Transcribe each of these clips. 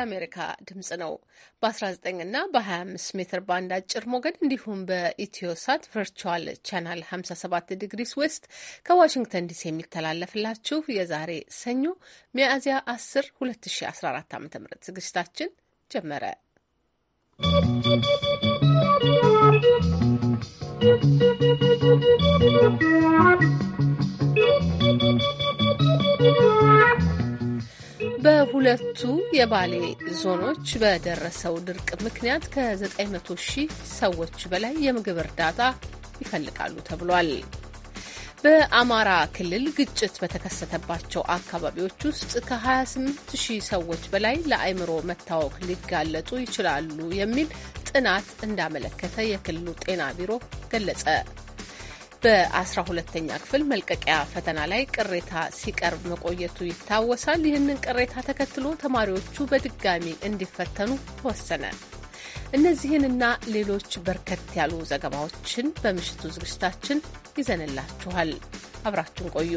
የአሜሪካ ድምጽ ነው። በ19 እና በ25 ሜትር ባንድ አጭር ሞገድ እንዲሁም በኢትዮሳት ቨርቹዋል ቻናል 57 ዲግሪስ ዌስት ከዋሽንግተን ዲሲ የሚተላለፍላችሁ የዛሬ ሰኞ ሚያዝያ 10 2014 ዓ ም ዝግጅታችን ጀመረ። ¶¶ በሁለቱ የባሌ ዞኖች በደረሰው ድርቅ ምክንያት ከ900 ሺህ ሰዎች በላይ የምግብ እርዳታ ይፈልጋሉ ተብሏል። በአማራ ክልል ግጭት በተከሰተባቸው አካባቢዎች ውስጥ ከ28 ሺህ ሰዎች በላይ ለአእምሮ መታወክ ሊጋለጡ ይችላሉ የሚል ጥናት እንዳመለከተ የክልሉ ጤና ቢሮ ገለጸ። በአስራ ሁለተኛ ክፍል መልቀቂያ ፈተና ላይ ቅሬታ ሲቀርብ መቆየቱ ይታወሳል። ይህንን ቅሬታ ተከትሎ ተማሪዎቹ በድጋሚ እንዲፈተኑ ተወሰነ። እነዚህንና ሌሎች በርከት ያሉ ዘገባዎችን በምሽቱ ዝግጅታችን ይዘንላችኋል። አብራችሁን ቆዩ።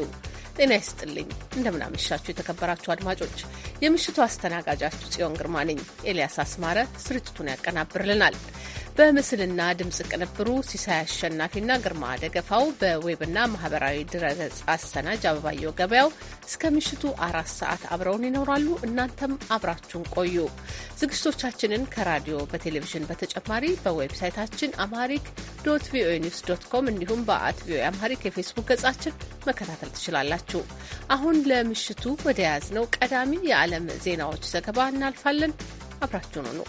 ጤና ይስጥልኝ። እንደምናመሻችሁ የተከበራችሁ አድማጮች፣ የምሽቱ አስተናጋጃችሁ ጽዮን ግርማ ነኝ። ኤልያስ አስማረ ስርጭቱን ያቀናብርልናል። በምስልና ድምፅ ቅንብሩ ሲሳይ አሸናፊና ግርማ ደገፋው፣ በዌብና ማህበራዊ ድረገጽ አሰናጅ አበባየው ገበያው እስከ ምሽቱ አራት ሰዓት አብረውን ይኖራሉ። እናንተም አብራችሁን ቆዩ። ዝግጅቶቻችንን ከራዲዮ በቴሌቪዥን በተጨማሪ በዌብሳይታችን አማሪክ ዶት ቪኦኤ ኒውስ ዶት ኮም እንዲሁም በአት ቪኦኤ አምሃሪክ የፌስቡክ ገጻችን መከታተል ትችላላችሁ። አሁን ለምሽቱ ወደ ነው ቀዳሚ የዓለም ዜናዎች ዘገባ እናልፋለን። አብራችሁን ነው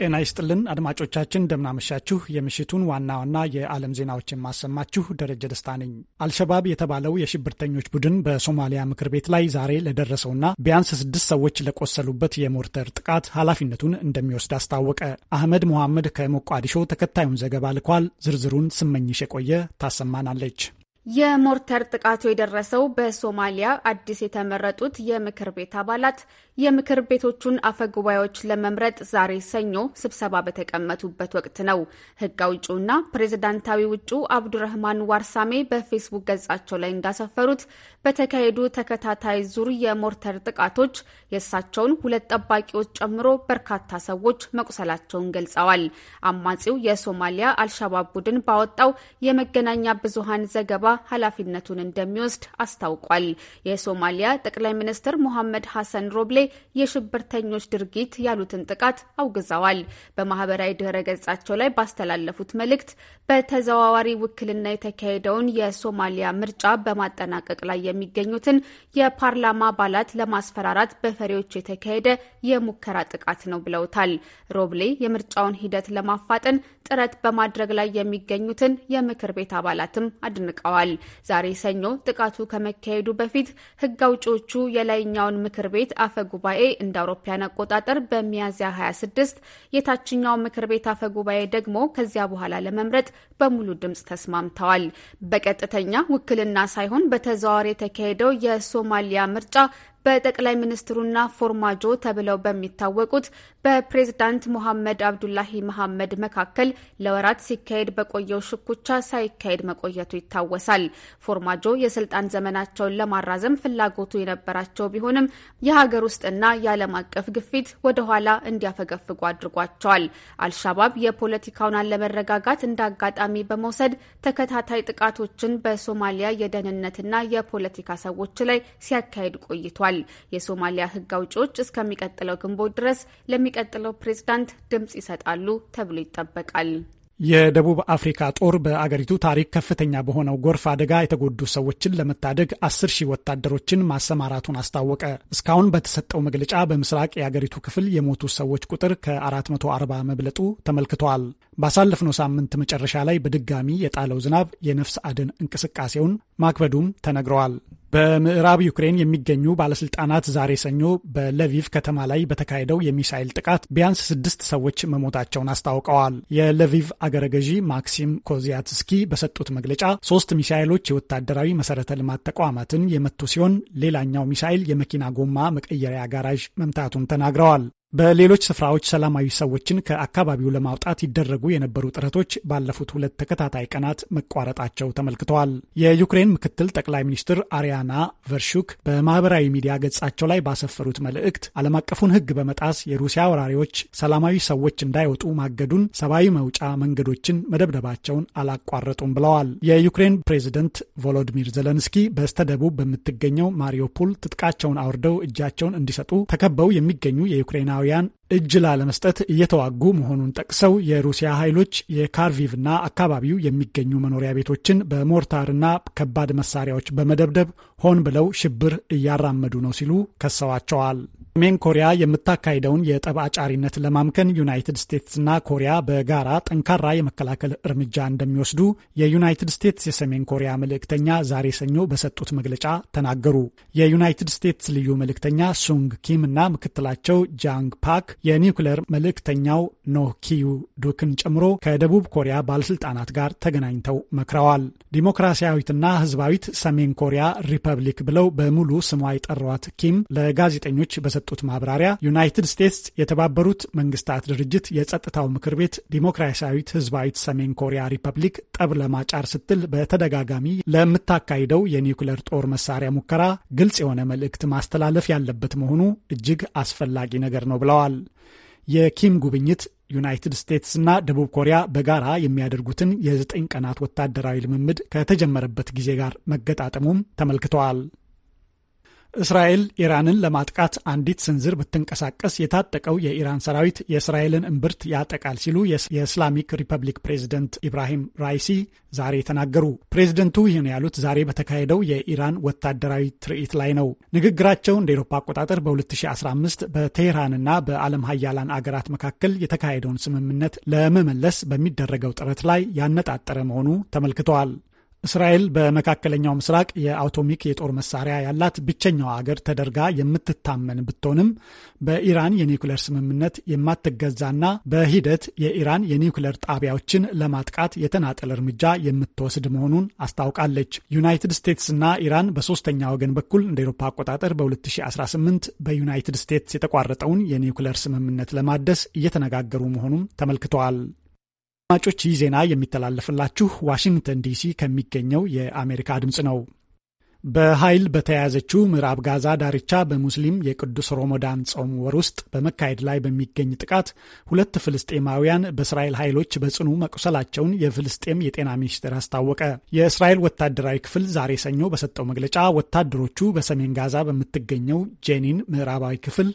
ጤና ይስጥልን አድማጮቻችን፣ እንደምናመሻችሁ። የምሽቱን ዋና ዋና የዓለም ዜናዎች የማሰማችሁ ደረጀ ደስታ ነኝ። አልሸባብ የተባለው የሽብርተኞች ቡድን በሶማሊያ ምክር ቤት ላይ ዛሬ ለደረሰውና ቢያንስ ስድስት ሰዎች ለቆሰሉበት የሞርተር ጥቃት ኃላፊነቱን እንደሚወስድ አስታወቀ። አህመድ መሐመድ ከሞቃዲሾ ተከታዩን ዘገባ ልኳል። ዝርዝሩን ስመኝሽ የቆየ ታሰማናለች። የሞርተር ጥቃቱ የደረሰው በሶማሊያ አዲስ የተመረጡት የምክር ቤት አባላት የምክር ቤቶቹን አፈ ጉባኤዎች ለመምረጥ ዛሬ ሰኞ ስብሰባ በተቀመጡበት ወቅት ነው። ህግ አውጪውና ፕሬዝዳንታዊ ውጩ አብዱረህማን ዋርሳሜ በፌስቡክ ገጻቸው ላይ እንዳሰፈሩት በተካሄዱ ተከታታይ ዙር የሞርተር ጥቃቶች የእሳቸውን ሁለት ጠባቂዎች ጨምሮ በርካታ ሰዎች መቁሰላቸውን ገልጸዋል። አማጺው የሶማሊያ አልሻባብ ቡድን ባወጣው የመገናኛ ብዙሃን ዘገባ ኃላፊነቱን እንደሚወስድ አስታውቋል። የሶማሊያ ጠቅላይ ሚኒስትር ሞሐመድ ሐሰን ሮብሌ የሽብርተኞች ድርጊት ያሉትን ጥቃት አውግዘዋል። በማህበራዊ ድህረ ገጻቸው ላይ ባስተላለፉት መልእክት በተዘዋዋሪ ውክልና የተካሄደውን የሶማሊያ ምርጫ በማጠናቀቅ ላይ የሚገኙትን የፓርላማ አባላት ለማስፈራራት በፈሪዎች የተካሄደ የሙከራ ጥቃት ነው ብለውታል። ሮብሌ የምርጫውን ሂደት ለማፋጠን ጥረት በማድረግ ላይ የሚገኙትን የምክር ቤት አባላትም አድንቀዋል። ዛሬ ሰኞ ጥቃቱ ከመካሄዱ በፊት ህግ አውጪዎቹ የላይኛውን ምክር ቤት አፈጉ ጉባኤ እንደ አውሮፓያን አቆጣጠር በሚያዝያ 26 የታችኛው ምክር ቤት አፈ ጉባኤ ደግሞ ከዚያ በኋላ ለመምረጥ በሙሉ ድምፅ ተስማምተዋል። በቀጥተኛ ውክልና ሳይሆን በተዘዋዋሪ የተካሄደው የሶማሊያ ምርጫ በጠቅላይ ሚኒስትሩና ፎርማጆ ተብለው በሚታወቁት በፕሬዝዳንት ሞሐመድ አብዱላሂ መሐመድ መካከል ለወራት ሲካሄድ በቆየው ሽኩቻ ሳይካሄድ መቆየቱ ይታወሳል። ፎርማጆ የስልጣን ዘመናቸውን ለማራዘም ፍላጎቱ የነበራቸው ቢሆንም የሀገር ውስጥና የዓለም አቀፍ ግፊት ወደኋላ እንዲያፈገፍጉ አድርጓቸዋል። አልሻባብ የፖለቲካውን አለመረጋጋት እንደ አጋጣሚ በመውሰድ ተከታታይ ጥቃቶችን በሶማሊያ የደህንነትና የፖለቲካ ሰዎች ላይ ሲያካሄድ ቆይቷል። አስታውቀዋል። የሶማሊያ ህግ አውጪዎች እስከሚቀጥለው ግንቦት ድረስ ለሚቀጥለው ፕሬዝዳንት ድምፅ ይሰጣሉ ተብሎ ይጠበቃል። የደቡብ አፍሪካ ጦር በአገሪቱ ታሪክ ከፍተኛ በሆነው ጎርፍ አደጋ የተጎዱ ሰዎችን ለመታደግ አስር ሺህ ወታደሮችን ማሰማራቱን አስታወቀ። እስካሁን በተሰጠው መግለጫ በምስራቅ የአገሪቱ ክፍል የሞቱ ሰዎች ቁጥር ከ440 መብለጡ ተመልክተዋል። ባሳለፍነው ሳምንት መጨረሻ ላይ በድጋሚ የጣለው ዝናብ የነፍስ አድን እንቅስቃሴውን ማክበዱም ተነግረዋል። በምዕራብ ዩክሬን የሚገኙ ባለስልጣናት ዛሬ ሰኞ በለቪቭ ከተማ ላይ በተካሄደው የሚሳኤል ጥቃት ቢያንስ ስድስት ሰዎች መሞታቸውን አስታውቀዋል። የለቪቭ አገረ ገዢ ማክሲም ኮዚያትስኪ በሰጡት መግለጫ ሶስት ሚሳኤሎች የወታደራዊ መሰረተ ልማት ተቋማትን የመቱ ሲሆን ሌላኛው ሚሳኤል የመኪና ጎማ መቀየሪያ ጋራዥ መምታቱን ተናግረዋል። በሌሎች ስፍራዎች ሰላማዊ ሰዎችን ከአካባቢው ለማውጣት ይደረጉ የነበሩ ጥረቶች ባለፉት ሁለት ተከታታይ ቀናት መቋረጣቸው ተመልክተዋል። የዩክሬን ምክትል ጠቅላይ ሚኒስትር አሪያና ቨርሹክ በማህበራዊ ሚዲያ ገጻቸው ላይ ባሰፈሩት መልእክት ዓለም አቀፉን ሕግ በመጣስ የሩሲያ ወራሪዎች ሰላማዊ ሰዎች እንዳይወጡ ማገዱን፣ ሰብአዊ መውጫ መንገዶችን መደብደባቸውን አላቋረጡም ብለዋል። የዩክሬን ፕሬዝደንት ቮሎዲሚር ዘለንስኪ በስተደቡብ በምትገኘው ማሪዮፖል ትጥቃቸውን አውርደው እጃቸውን እንዲሰጡ ተከበው የሚገኙ የዩክሬና ዩክሬናውያን እጅ ላለመስጠት እየተዋጉ መሆኑን ጠቅሰው የሩሲያ ኃይሎች የካርቪቭና አካባቢው የሚገኙ መኖሪያ ቤቶችን በሞርታርና ከባድ መሳሪያዎች በመደብደብ ሆን ብለው ሽብር እያራመዱ ነው ሲሉ ከሰዋቸዋል። ሰሜን ኮሪያ የምታካሂደውን የጠብ አጫሪነት ለማምከን ዩናይትድ ስቴትስና ኮሪያ በጋራ ጠንካራ የመከላከል እርምጃ እንደሚወስዱ የዩናይትድ ስቴትስ የሰሜን ኮሪያ መልእክተኛ ዛሬ ሰኞ በሰጡት መግለጫ ተናገሩ። የዩናይትድ ስቴትስ ልዩ መልእክተኛ ሱንግ ኪም እና ምክትላቸው ጃንግ ፓክ የኒውክለር መልእክተኛው ኖህ ኪዩ ዱክን ጨምሮ ከደቡብ ኮሪያ ባለስልጣናት ጋር ተገናኝተው መክረዋል። ዲሞክራሲያዊትና ህዝባዊት ሰሜን ኮሪያ ሪፐብሊክ ብለው በሙሉ ስሟ የጠሯት ኪም ለጋዜጠኞች በሰ በሰጡት ማብራሪያ ዩናይትድ ስቴትስ የተባበሩት መንግስታት ድርጅት የጸጥታው ምክር ቤት ዲሞክራሲያዊት ህዝባዊት ሰሜን ኮሪያ ሪፐብሊክ ጠብ ለማጫር ስትል በተደጋጋሚ ለምታካሂደው የኒውክለር ጦር መሳሪያ ሙከራ ግልጽ የሆነ መልእክት ማስተላለፍ ያለበት መሆኑ እጅግ አስፈላጊ ነገር ነው ብለዋል። የኪም ጉብኝት ዩናይትድ እና ደቡብ ኮሪያ በጋራ የሚያደርጉትን የዘጠኝ ቀናት ወታደራዊ ልምምድ ከተጀመረበት ጊዜ ጋር መገጣጠሙም ተመልክተዋል። እስራኤል ኢራንን ለማጥቃት አንዲት ስንዝር ብትንቀሳቀስ የታጠቀው የኢራን ሰራዊት የእስራኤልን እምብርት ያጠቃል ሲሉ የእስላሚክ ሪፐብሊክ ፕሬዝደንት ኢብራሂም ራይሲ ዛሬ ተናገሩ። ፕሬዚደንቱ ይህን ያሉት ዛሬ በተካሄደው የኢራን ወታደራዊ ትርኢት ላይ ነው። ንግግራቸው እንደ ኤሮፓ አቆጣጠር በ2015 በቴህራንና በዓለም ሀያላን አገራት መካከል የተካሄደውን ስምምነት ለመመለስ በሚደረገው ጥረት ላይ ያነጣጠረ መሆኑ ተመልክተዋል። እስራኤል በመካከለኛው ምስራቅ የአውቶሚክ የጦር መሳሪያ ያላት ብቸኛው አገር ተደርጋ የምትታመን ብትሆንም በኢራን የኒውክለር ስምምነት የማትገዛና በሂደት የኢራን የኒውክለር ጣቢያዎችን ለማጥቃት የተናጠል እርምጃ የምትወስድ መሆኑን አስታውቃለች። ዩናይትድ ስቴትስና ኢራን በሶስተኛ ወገን በኩል እንደ ኤሮፓ አቆጣጠር በ2018 በዩናይትድ ስቴትስ የተቋረጠውን የኒውክለር ስምምነት ለማደስ እየተነጋገሩ መሆኑም ተመልክተዋል። አድማጮች ይህ ዜና የሚተላለፍላችሁ ዋሽንግተን ዲሲ ከሚገኘው የአሜሪካ ድምፅ ነው። በኃይል በተያያዘችው ምዕራብ ጋዛ ዳርቻ በሙስሊም የቅዱስ ሮሞዳን ጾም ወር ውስጥ በመካሄድ ላይ በሚገኝ ጥቃት ሁለት ፍልስጤማውያን በእስራኤል ኃይሎች በጽኑ መቁሰላቸውን የፍልስጤም የጤና ሚኒስቴር አስታወቀ። የእስራኤል ወታደራዊ ክፍል ዛሬ ሰኞ በሰጠው መግለጫ ወታደሮቹ በሰሜን ጋዛ በምትገኘው ጄኒን ምዕራባዊ ክፍል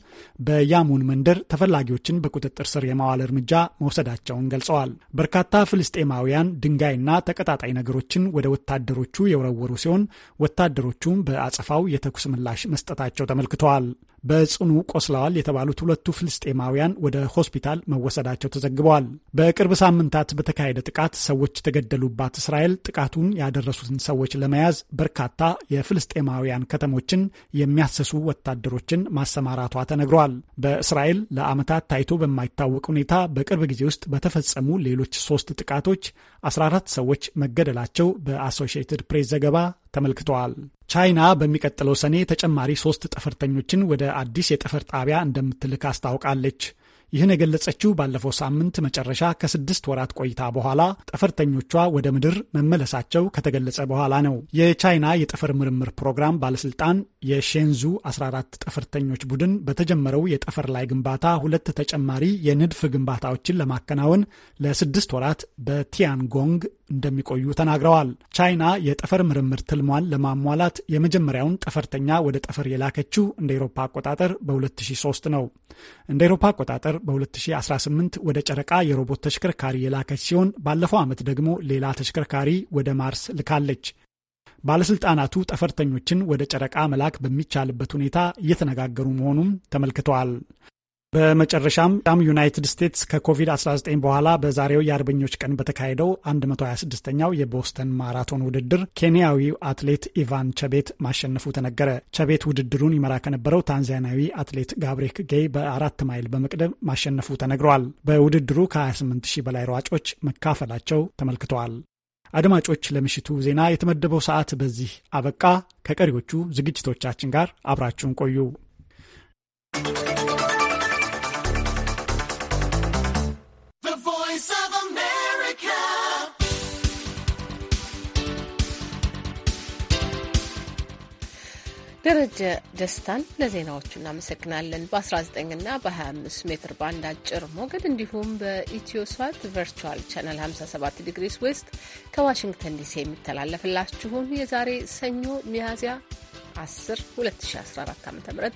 በያሙን መንደር ተፈላጊዎችን በቁጥጥር ስር የማዋል እርምጃ መውሰዳቸውን ገልጸዋል። በርካታ ፍልስጤማውያን ድንጋይና ተቀጣጣይ ነገሮችን ወደ ወታደሮቹ የወረወሩ ሲሆን ወታደ ወታደሮቹም በአጸፋው የተኩስ ምላሽ መስጠታቸው ተመልክተዋል። በጽኑ ቆስለዋል የተባሉት ሁለቱ ፍልስጤማውያን ወደ ሆስፒታል መወሰዳቸው ተዘግበዋል። በቅርብ ሳምንታት በተካሄደ ጥቃት ሰዎች የተገደሉባት እስራኤል ጥቃቱን ያደረሱትን ሰዎች ለመያዝ በርካታ የፍልስጤማውያን ከተሞችን የሚያሰሱ ወታደሮችን ማሰማራቷ ተነግሯል። በእስራኤል ለዓመታት ታይቶ በማይታወቅ ሁኔታ በቅርብ ጊዜ ውስጥ በተፈጸሙ ሌሎች ሶስት ጥቃቶች 14 ሰዎች መገደላቸው በአሶሺየትድ ፕሬስ ዘገባ ተመልክተዋል። ቻይና በሚቀጥለው ሰኔ ተጨማሪ ሶስት ጠፈርተኞችን ወደ አዲስ የጠፈር ጣቢያ እንደምትልክ አስታውቃለች። ይህን የገለጸችው ባለፈው ሳምንት መጨረሻ ከስድስት ወራት ቆይታ በኋላ ጠፈርተኞቿ ወደ ምድር መመለሳቸው ከተገለጸ በኋላ ነው። የቻይና የጠፈር ምርምር ፕሮግራም ባለስልጣን የሼንዙ 14 ጠፈርተኞች ቡድን በተጀመረው የጠፈር ላይ ግንባታ ሁለት ተጨማሪ የንድፍ ግንባታዎችን ለማከናወን ለስድስት ወራት በቲያንጎንግ እንደሚቆዩ ተናግረዋል። ቻይና የጠፈር ምርምር ትልሟን ለማሟላት የመጀመሪያውን ጠፈርተኛ ወደ ጠፈር የላከችው እንደ ኤሮፓ አቆጣጠር በ2003 ነው። እንደ ኤሮፓ አቆጣጠር በ2018 ወደ ጨረቃ የሮቦት ተሽከርካሪ የላከች ሲሆን ባለፈው ዓመት ደግሞ ሌላ ተሽከርካሪ ወደ ማርስ ልካለች። ባለስልጣናቱ ጠፈርተኞችን ወደ ጨረቃ መላክ በሚቻልበት ሁኔታ እየተነጋገሩ መሆኑም ተመልክተዋል። በመጨረሻም ም ዩናይትድ ስቴትስ ከኮቪድ-19 በኋላ በዛሬው የአርበኞች ቀን በተካሄደው 126ኛው የቦስተን ማራቶን ውድድር ኬንያዊው አትሌት ኢቫን ቸቤት ማሸነፉ ተነገረ። ቸቤት ውድድሩን ይመራ ከነበረው ታንዛኒያዊ አትሌት ጋብሬክ ጌይ በአራት ማይል በመቅደም ማሸነፉ ተነግሯል። በውድድሩ ከ28 ሺህ በላይ ሯጮች መካፈላቸው ተመልክተዋል። አድማጮች፣ ለምሽቱ ዜና የተመደበው ሰዓት በዚህ አበቃ። ከቀሪዎቹ ዝግጅቶቻችን ጋር አብራችሁን ቆዩ። ደረጀ ደስታን ለዜናዎቹ እናመሰግናለን። በ19ና በ25 ሜትር ባንድ አጭር ሞገድ እንዲሁም በኢትዮሳት ቨርቹዋል ቻናል 57 ዲግሪስ ዌስት ከዋሽንግተን ዲሲ የሚተላለፍላችሁን የዛሬ ሰኞ ሚያዝያ 10 2014 ዓ ም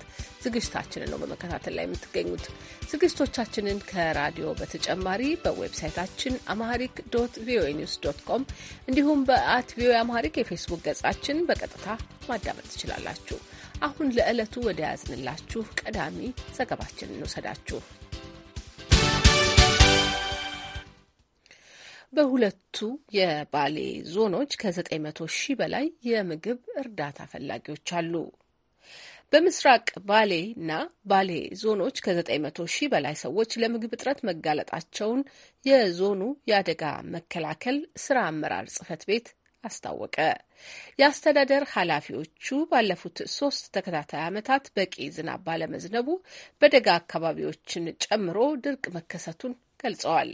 ዝግጅታችንን ነው በመከታተል ላይ የምትገኙት። ዝግጅቶቻችንን ከራዲዮ በተጨማሪ በዌብሳይታችን አማሪክ ዶት ቪኦኤ ኒውስ ዶት ኮም እንዲሁም በአት ቪኦኤ አማሪክ የፌስቡክ ገጻችን በቀጥታ ማዳመጥ ትችላላችሁ። አሁን ለዕለቱ ወደ ያዝንላችሁ ቀዳሚ ዘገባችን እንውሰዳችሁ። በሁለቱ የባሌ ዞኖች ከ900 ሺህ በላይ የምግብ እርዳታ ፈላጊዎች አሉ። በምስራቅ ባሌ እና ባሌ ዞኖች ከ900 ሺህ በላይ ሰዎች ለምግብ እጥረት መጋለጣቸውን የዞኑ የአደጋ መከላከል ስራ አመራር ጽህፈት ቤት አስታወቀ። የአስተዳደር ኃላፊዎቹ ባለፉት ሶስት ተከታታይ ዓመታት በቂ ዝናብ ባለመዝነቡ በደጋ አካባቢዎችን ጨምሮ ድርቅ መከሰቱን ገልጸዋል።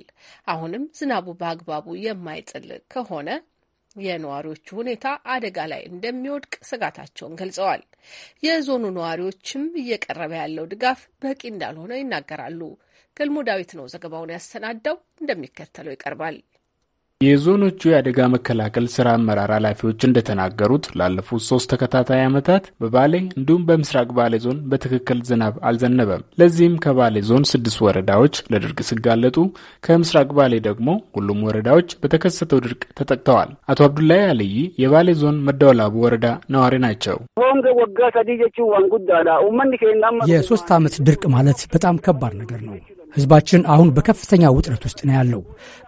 አሁንም ዝናቡ በአግባቡ የማይጥል ከሆነ የነዋሪዎቹ ሁኔታ አደጋ ላይ እንደሚወድቅ ስጋታቸውን ገልጸዋል። የዞኑ ነዋሪዎችም እየቀረበ ያለው ድጋፍ በቂ እንዳልሆነ ይናገራሉ። ገልሞ ዳዊት ነው ዘገባውን ያሰናዳው፣ እንደሚከተለው ይቀርባል። የዞኖቹ የአደጋ መከላከል ስራ አመራር ኃላፊዎች እንደተናገሩት ላለፉት ሶስት ተከታታይ ዓመታት በባሌ እንዲሁም በምስራቅ ባሌ ዞን በትክክል ዝናብ አልዘነበም። ለዚህም ከባሌ ዞን ስድስት ወረዳዎች ለድርቅ ሲጋለጡ፣ ከምስራቅ ባሌ ደግሞ ሁሉም ወረዳዎች በተከሰተው ድርቅ ተጠቅተዋል። አቶ አብዱላይ አልይ የባሌ ዞን መደወላቡ ወረዳ ነዋሪ ናቸው። የሶስት ዓመት ድርቅ ማለት በጣም ከባድ ነገር ነው። ህዝባችን አሁን በከፍተኛ ውጥረት ውስጥ ነው ያለው።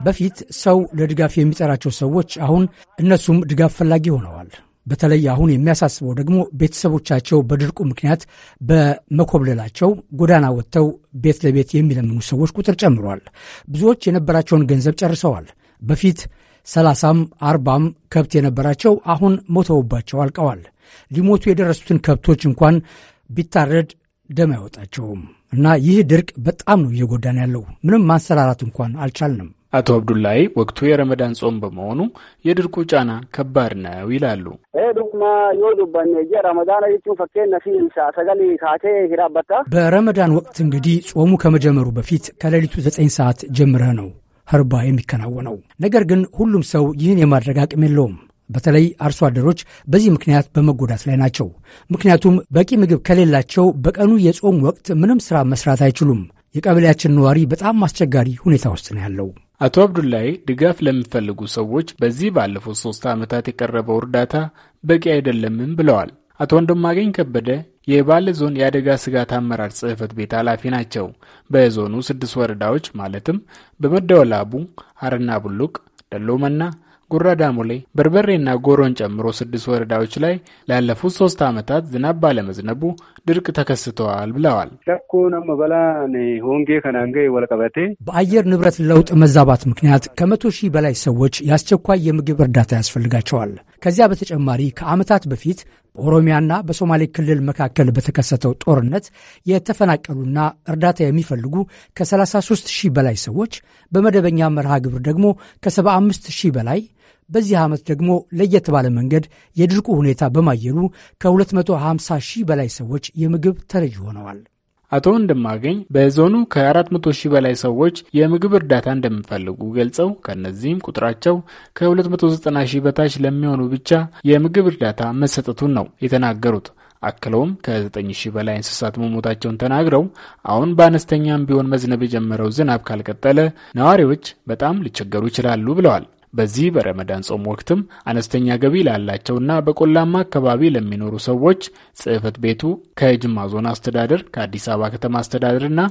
በፊት ሰው ለድጋፍ የሚጠራቸው ሰዎች አሁን እነሱም ድጋፍ ፈላጊ ሆነዋል። በተለይ አሁን የሚያሳስበው ደግሞ ቤተሰቦቻቸው በድርቁ ምክንያት በመኮብለላቸው ጎዳና ወጥተው ቤት ለቤት የሚለምኑ ሰዎች ቁጥር ጨምሯል። ብዙዎች የነበራቸውን ገንዘብ ጨርሰዋል። በፊት ሰላሳም አርባም ከብት የነበራቸው አሁን ሞተውባቸው አልቀዋል። ሊሞቱ የደረሱትን ከብቶች እንኳን ቢታረድ ደም አይወጣቸውም። እና ይህ ድርቅ በጣም ነው እየጎዳን ያለው። ምንም ማንሰራራት እንኳን አልቻልንም። አቶ አብዱላይ ወቅቱ የረመዳን ጾም በመሆኑ የድርቁ ጫና ከባድ ነው ይላሉ። በረመዳን ወቅት እንግዲህ ጾሙ ከመጀመሩ በፊት ከሌሊቱ ዘጠኝ ሰዓት ጀምረህ ነው ኸርባ የሚከናወነው። ነገር ግን ሁሉም ሰው ይህን የማድረግ አቅም የለውም። በተለይ አርሶ አደሮች በዚህ ምክንያት በመጎዳት ላይ ናቸው። ምክንያቱም በቂ ምግብ ከሌላቸው በቀኑ የጾም ወቅት ምንም ስራ መስራት አይችሉም። የቀበሌያችን ነዋሪ በጣም አስቸጋሪ ሁኔታ ውስጥ ነው ያለው። አቶ አብዱላይ ድጋፍ ለሚፈልጉ ሰዎች በዚህ ባለፉት ሶስት ዓመታት የቀረበው እርዳታ በቂ አይደለምም ብለዋል። አቶ ወንድማገኝ ከበደ የባሌ ዞን የአደጋ ስጋት አመራር ጽህፈት ቤት ኃላፊ ናቸው። በዞኑ ስድስት ወረዳዎች ማለትም በመደወላቡ፣ አረና ቡሉቅ፣ ደሎመና ጉራ ዳሞሌ፣ በርበሬና ጎሮን ጨምሮ ስድስት ወረዳዎች ላይ ላለፉት ሶስት ዓመታት ዝናብ ባለመዝነቡ ድርቅ ተከስተዋል ብለዋል። በአየር ንብረት ለውጥ መዛባት ምክንያት ከመቶ ሺህ በላይ ሰዎች የአስቸኳይ የምግብ እርዳታ ያስፈልጋቸዋል። ከዚያ በተጨማሪ ከዓመታት በፊት በኦሮሚያና በሶማሌ ክልል መካከል በተከሰተው ጦርነት የተፈናቀሉና እርዳታ የሚፈልጉ ከ33 ሺህ በላይ ሰዎች በመደበኛ መርሃ ግብር ደግሞ ከ75 ሺህ በላይ በዚህ ዓመት ደግሞ ለየት ባለ መንገድ የድርቁ ሁኔታ በማየሉ ከ250 ሺህ በላይ ሰዎች የምግብ ተረጂ ሆነዋል። አቶ እንደማገኝ በዞኑ ከ400 ሺህ በላይ ሰዎች የምግብ እርዳታ እንደሚፈልጉ ገልጸው ከእነዚህም ቁጥራቸው ከ290 ሺህ በታች ለሚሆኑ ብቻ የምግብ እርዳታ መሰጠቱን ነው የተናገሩት። አክለውም ከ9 ሺህ በላይ እንስሳት መሞታቸውን ተናግረው አሁን በአነስተኛም ቢሆን መዝነብ የጀመረው ዝናብ ካልቀጠለ ነዋሪዎች በጣም ሊቸገሩ ይችላሉ ብለዋል። በዚህ በረመዳን ጾም ወቅትም አነስተኛ ገቢ ላላቸውና በቆላማ አካባቢ ለሚኖሩ ሰዎች ጽሕፈት ቤቱ ከጅማ ዞን አስተዳደር፣ ከአዲስ አበባ ከተማ አስተዳደርና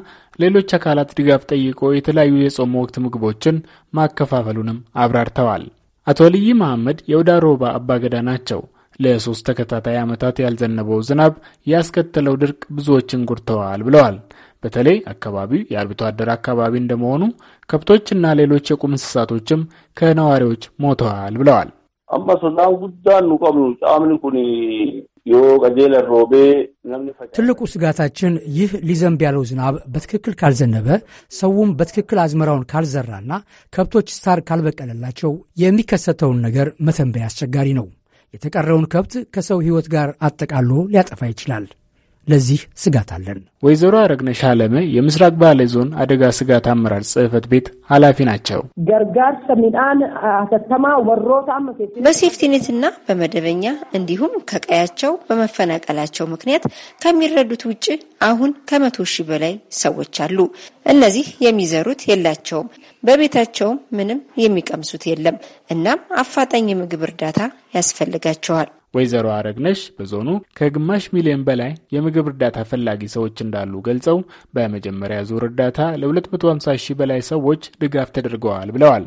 ሌሎች አካላት ድጋፍ ጠይቆ የተለያዩ የጾም ወቅት ምግቦችን ማከፋፈሉንም አብራርተዋል። አቶ ልይ መሐመድ የውዳ ሮባ አባገዳ ናቸው። ለሶስት ተከታታይ ዓመታት ያልዘነበው ዝናብ ያስከተለው ድርቅ ብዙዎችን ጎድተዋል ብለዋል። በተለይ አካባቢው የአርብቶ አደር አካባቢ እንደመሆኑ ከብቶችና ሌሎች የቁም እንስሳቶችም ከነዋሪዎች ሞተዋል ብለዋል። ትልቁ ስጋታችን ይህ ሊዘንብ ያለው ዝናብ በትክክል ካልዘነበ ሰውም በትክክል አዝመራውን ካልዘራና ከብቶች ሳር ካልበቀለላቸው የሚከሰተውን ነገር መተንበይ አስቸጋሪ ነው። የተቀረውን ከብት ከሰው ሕይወት ጋር አጠቃሎ ሊያጠፋ ይችላል። ለዚህ ስጋት አለን። ወይዘሮ አረግነሽ አለመ የምስራቅ ባሌ ዞን አደጋ ስጋት አመራር ጽህፈት ቤት ኃላፊ ናቸው። ገርጋርሰ ሚዳን አተተማ ወሮታ በሴፍቲኔትና በመደበኛ እንዲሁም ከቀያቸው በመፈናቀላቸው ምክንያት ከሚረዱት ውጭ አሁን ከመቶ ሺህ በላይ ሰዎች አሉ። እነዚህ የሚዘሩት የላቸውም፣ በቤታቸውም ምንም የሚቀምሱት የለም። እናም አፋጣኝ የምግብ እርዳታ ያስፈልጋቸዋል። ወይዘሮ አረግነሽ በዞኑ ከግማሽ ሚሊዮን በላይ የምግብ እርዳታ ፈላጊ ሰዎች እንዳሉ ገልጸው በመጀመሪያ ዙር እርዳታ ለ250 ሺህ በላይ ሰዎች ድጋፍ ተደርገዋል ብለዋል።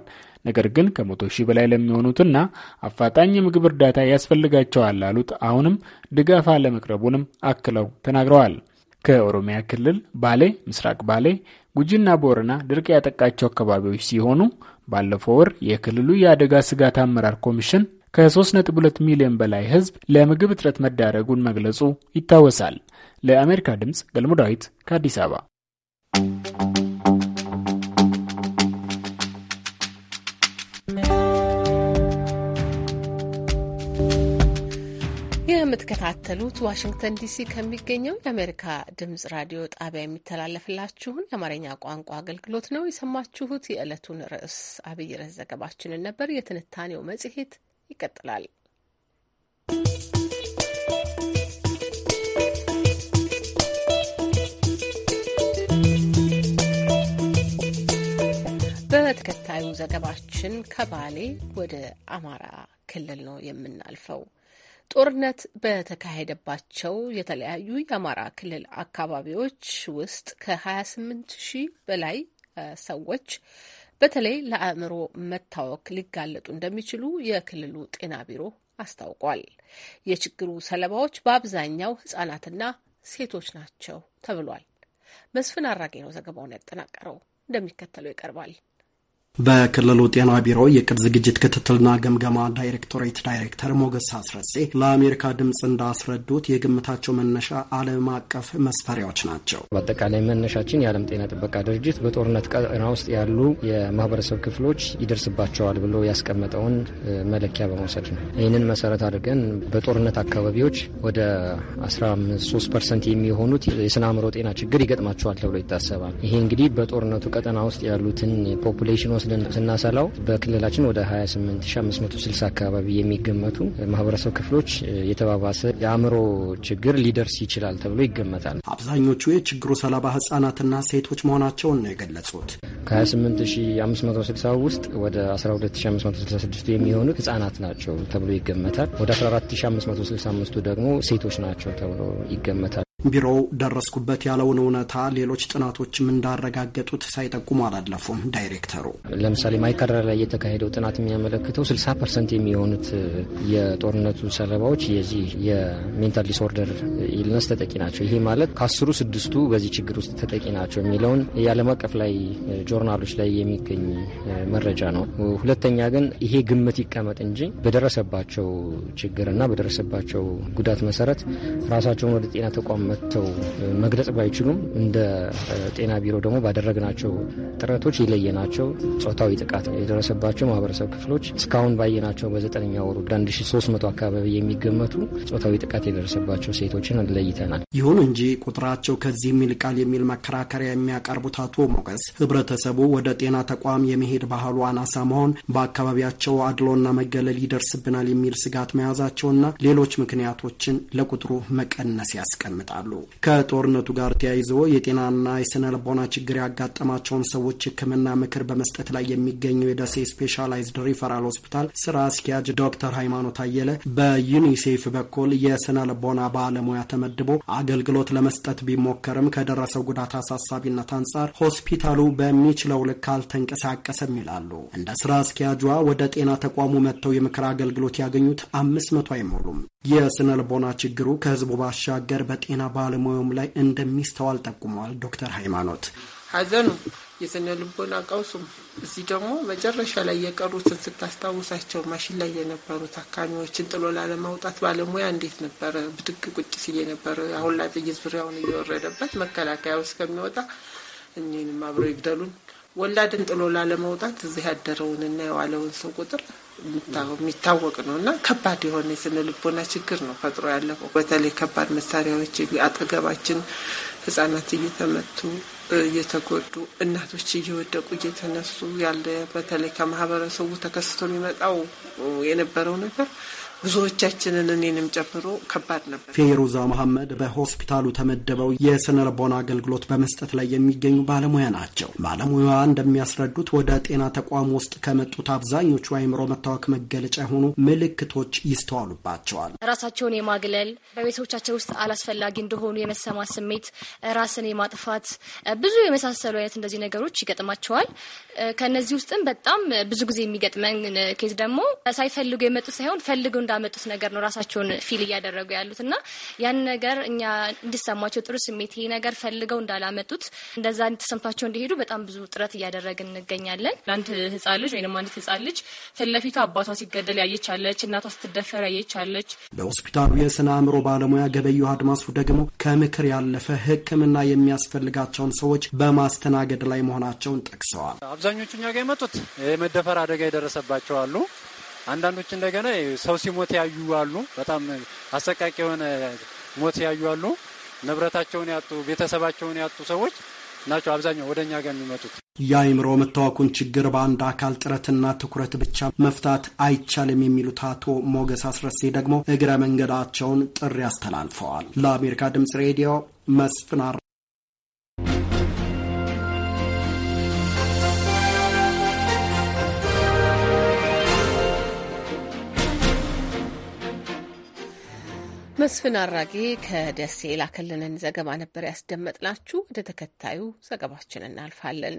ነገር ግን ከመቶ ሺህ በላይ ለሚሆኑትና አፋጣኝ የምግብ እርዳታ ያስፈልጋቸዋል ላሉት አሁንም ድጋፍ አለመቅረቡንም አክለው ተናግረዋል። ከኦሮሚያ ክልል ባሌ፣ ምስራቅ ባሌ፣ ጉጂና ቦረና ድርቅ ያጠቃቸው አካባቢዎች ሲሆኑ ባለፈው ወር የክልሉ የአደጋ ስጋት አመራር ኮሚሽን ከ3.2 ሚሊዮን በላይ ህዝብ ለምግብ እጥረት መዳረጉን መግለጹ ይታወሳል። ለአሜሪካ ድምፅ ገልሞ ዳዊት ከአዲስ አበባ። የምትከታተሉት ዋሽንግተን ዲሲ ከሚገኘው የአሜሪካ ድምጽ ራዲዮ ጣቢያ የሚተላለፍላችሁን የአማርኛ ቋንቋ አገልግሎት ነው። የሰማችሁት የዕለቱን ርዕስ አብይ ርዕስ ዘገባችንን ነበር። የትንታኔው መጽሔት ይቀጥላል። በተከታዩ ዘገባችን ከባሌ ወደ አማራ ክልል ነው የምናልፈው። ጦርነት በተካሄደባቸው የተለያዩ የአማራ ክልል አካባቢዎች ውስጥ ከ28 ሺህ በላይ ሰዎች በተለይ ለአእምሮ መታወክ ሊጋለጡ እንደሚችሉ የክልሉ ጤና ቢሮ አስታውቋል። የችግሩ ሰለባዎች በአብዛኛው ህጻናትና ሴቶች ናቸው ተብሏል። መስፍን አራጌ ነው ዘገባውን ያጠናቀረው፣ እንደሚከተለው ይቀርባል። በክልሉ ጤና ቢሮ የቅድ ዝግጅት ክትትልና ገምገማ ዳይሬክቶሬት ዳይሬክተር ሞገስ አስረሴ ለአሜሪካ ድምፅ እንዳስረዱት የግምታቸው መነሻ ዓለም አቀፍ መስፈሪያዎች ናቸው። በአጠቃላይ መነሻችን የዓለም ጤና ጥበቃ ድርጅት በጦርነት ቀጠና ውስጥ ያሉ የማህበረሰብ ክፍሎች ይደርስባቸዋል ብሎ ያስቀመጠውን መለኪያ በመውሰድ ነው። ይህንን መሰረት አድርገን በጦርነት አካባቢዎች ወደ 13 ፐርሰንት የሚሆኑት የስነ አእምሮ ጤና ችግር ይገጥማቸዋል ተብሎ ይታሰባል። ይሄ እንግዲህ በጦርነቱ ቀጠና ውስጥ ያሉትን ፖፑሌሽን ስናሰላው በክልላችን ወደ 28560 አካባቢ የሚገመቱ ማህበረሰብ ክፍሎች የተባባሰ የአእምሮ ችግር ሊደርስ ይችላል ተብሎ ይገመታል። አብዛኞቹ የችግሩ ሰለባ ህጻናትና ሴቶች መሆናቸውን ነው የገለጹት። ከ28560 ውስጥ ወደ 12566 የሚሆኑት ህጻናት ናቸው ተብሎ ይገመታል። ወደ 14565ቱ ደግሞ ሴቶች ናቸው ተብሎ ይገመታል። ቢሮው ደረስኩበት ያለውን እውነታ ሌሎች ጥናቶችም እንዳረጋገጡት ሳይጠቁሙ አላለፉም። ዳይሬክተሩ ለምሳሌ ማይከራ ላይ የተካሄደው ጥናት የሚያመለክተው 60 ፐርሰንት የሚሆኑት የጦርነቱ ሰለባዎች የዚህ የሜንታል ዲስኦርደር ኢልነስ ተጠቂ ናቸው። ይሄ ማለት ከአስሩ ስድስቱ በዚህ ችግር ውስጥ ተጠቂ ናቸው የሚለውን የዓለም አቀፍ ላይ ጆርናሎች ላይ የሚገኝ መረጃ ነው። ሁለተኛ ግን ይሄ ግምት ይቀመጥ እንጂ በደረሰባቸው ችግርና በደረሰባቸው ጉዳት መሰረት ራሳቸውን ወደ ጤና ተቋም መጥተው መግለጽ ባይችሉም እንደ ጤና ቢሮ ደግሞ ባደረግናቸው ጥረቶች የለየናቸው ጾታዊ ጥቃት የደረሰባቸው ማህበረሰብ ክፍሎች እስካሁን ባየናቸው በዘጠነኛ ወሩ ወደ 1300 አካባቢ የሚገመቱ ጾታዊ ጥቃት የደረሰባቸው ሴቶችን ለይተናል። ይሁን እንጂ ቁጥራቸው ከዚህም ይልቃል የሚል መከራከሪያ የሚያቀርቡት አቶ ሞቀስ ህብረተሰቡ ወደ ጤና ተቋም የመሄድ ባህሉ አናሳ መሆን በአካባቢያቸው አድሎና መገለል ይደርስብናል የሚል ስጋት መያዛቸውና ሌሎች ምክንያቶችን ለቁጥሩ መቀነስ ያስቀምጣል። ይናገራሉ። ከጦርነቱ ጋር ተያይዞ የጤናና የስነ ልቦና ችግር ያጋጠማቸውን ሰዎች ሕክምና ምክር በመስጠት ላይ የሚገኘው የደሴ ስፔሻላይዝድ ሪፈራል ሆስፒታል ስራ አስኪያጅ ዶክተር ሃይማኖት አየለ በዩኒሴፍ በኩል የስነ ልቦና ባለሙያ ተመድቦ አገልግሎት ለመስጠት ቢሞከርም ከደረሰው ጉዳት አሳሳቢነት አንጻር ሆስፒታሉ በሚችለው ልክ አልተንቀሳቀሰም ይላሉ። እንደ ስራ አስኪያጇ ወደ ጤና ተቋሙ መጥተው የምክር አገልግሎት ያገኙት አምስት መቶ አይሞሉም። የስነ ልቦና ችግሩ ከህዝቡ ባሻገር በጤና ባለሙያውም ላይ እንደሚስተዋል ጠቁመዋል ዶክተር ሃይማኖት። ሀዘኑ የስነ ልቦና ቀውሱም እዚህ ደግሞ መጨረሻ ላይ የቀሩትን ስታስታውሳቸው ማሽን ላይ የነበሩ ታካሚዎችን ጥሎ ላለማውጣት ባለሙያ እንዴት ነበረ ብድግ ቁጭ ሲል የነበረ አሁን ላይ ጥይት ዙሪያውን እየወረደበት መከላከያ እስከሚወጣ እኔንም አብረው ይግደሉን ወላድን ጥሎ ላለመውጣት እዚህ ያደረውን እና የዋለውን ሰው ቁጥር የሚታወቅ ነው እና ከባድ የሆነ የስነ ልቦና ችግር ነው ፈጥሮ ያለፈው። በተለይ ከባድ መሳሪያዎች አጠገባችን ህጻናት እየተመቱ እየተጎዱ እናቶች እየወደቁ እየተነሱ ያለ በተለይ ከማህበረሰቡ ተከስቶ የሚመጣው የነበረው ነገር ብዙዎቻችንን እኔንም ጨምሮ ከባድ ነበር። ፌሩዛ መሐመድ በሆስፒታሉ ተመድበው የስነ ልቦና አገልግሎት በመስጠት ላይ የሚገኙ ባለሙያ ናቸው። ባለሙያ እንደሚያስረዱት ወደ ጤና ተቋም ውስጥ ከመጡት አብዛኞቹ አይምሮ መታወክ መገለጫ የሆኑ ምልክቶች ይስተዋሉባቸዋል። ራሳቸውን የማግለል፣ በቤቶቻቸው ውስጥ አላስፈላጊ እንደሆኑ የመሰማት ስሜት፣ ራስን የማጥፋት ብዙ የመሳሰሉ አይነት እንደዚህ ነገሮች ይገጥማቸዋል። ከነዚህ ውስጥም በጣም ብዙ ጊዜ የሚገጥመን ኬዝ ደግሞ ሳይፈልጉ የመጡ ሳይሆን ፈልገው እንዳመጡት ነገር ነው ራሳቸውን ፊል እያደረጉ ያሉት እና ያን ነገር እኛ እንዲሰማቸው ጥሩ ስሜት ይሄ ነገር ፈልገው እንዳላመጡት እንደዛ ተሰምቷቸው እንዲሄዱ በጣም ብዙ ጥረት እያደረግን እንገኛለን። አንድ ህጻን ልጅ ወይም አንዲት ህጻን ልጅ ፊት አባቷ ሲገደል ያየቻለች፣ እናቷ ስትደፈር ያየቻለች። በሆስፒታሉ የስነ አእምሮ ባለሙያ ገበዩ አድማሱ ደግሞ ከምክር ያለፈ ሕክምና የሚያስፈልጋቸውን ሰዎች በማስተናገድ ላይ መሆናቸውን ጠቅሰዋል። አብዛኞቹ እኛ ጋር የመጡት የመደፈር አደጋ የደረሰባቸው አሉ። አንዳንዶች እንደገና ሰው ሲሞት ያዩ አሉ። በጣም አሰቃቂ የሆነ ሞት ያዩ አሉ። ንብረታቸውን ያጡ፣ ቤተሰባቸውን ያጡ ሰዎች ናቸው አብዛኛው ወደ እኛ ጋር የሚመጡት። የአይምሮ መታወኩን ችግር በአንድ አካል ጥረትና ትኩረት ብቻ መፍታት አይቻልም የሚሉት አቶ ሞገስ አስረሴ ደግሞ እግረ መንገዳቸውን ጥሪ አስተላልፈዋል። ለአሜሪካ ድምጽ ሬዲዮ መስፍን መስፍን አራጌ ከደሴ የላከልንን ዘገባ ነበር ያስደመጥናችሁ። ወደ ተከታዩ ዘገባችን እናልፋለን።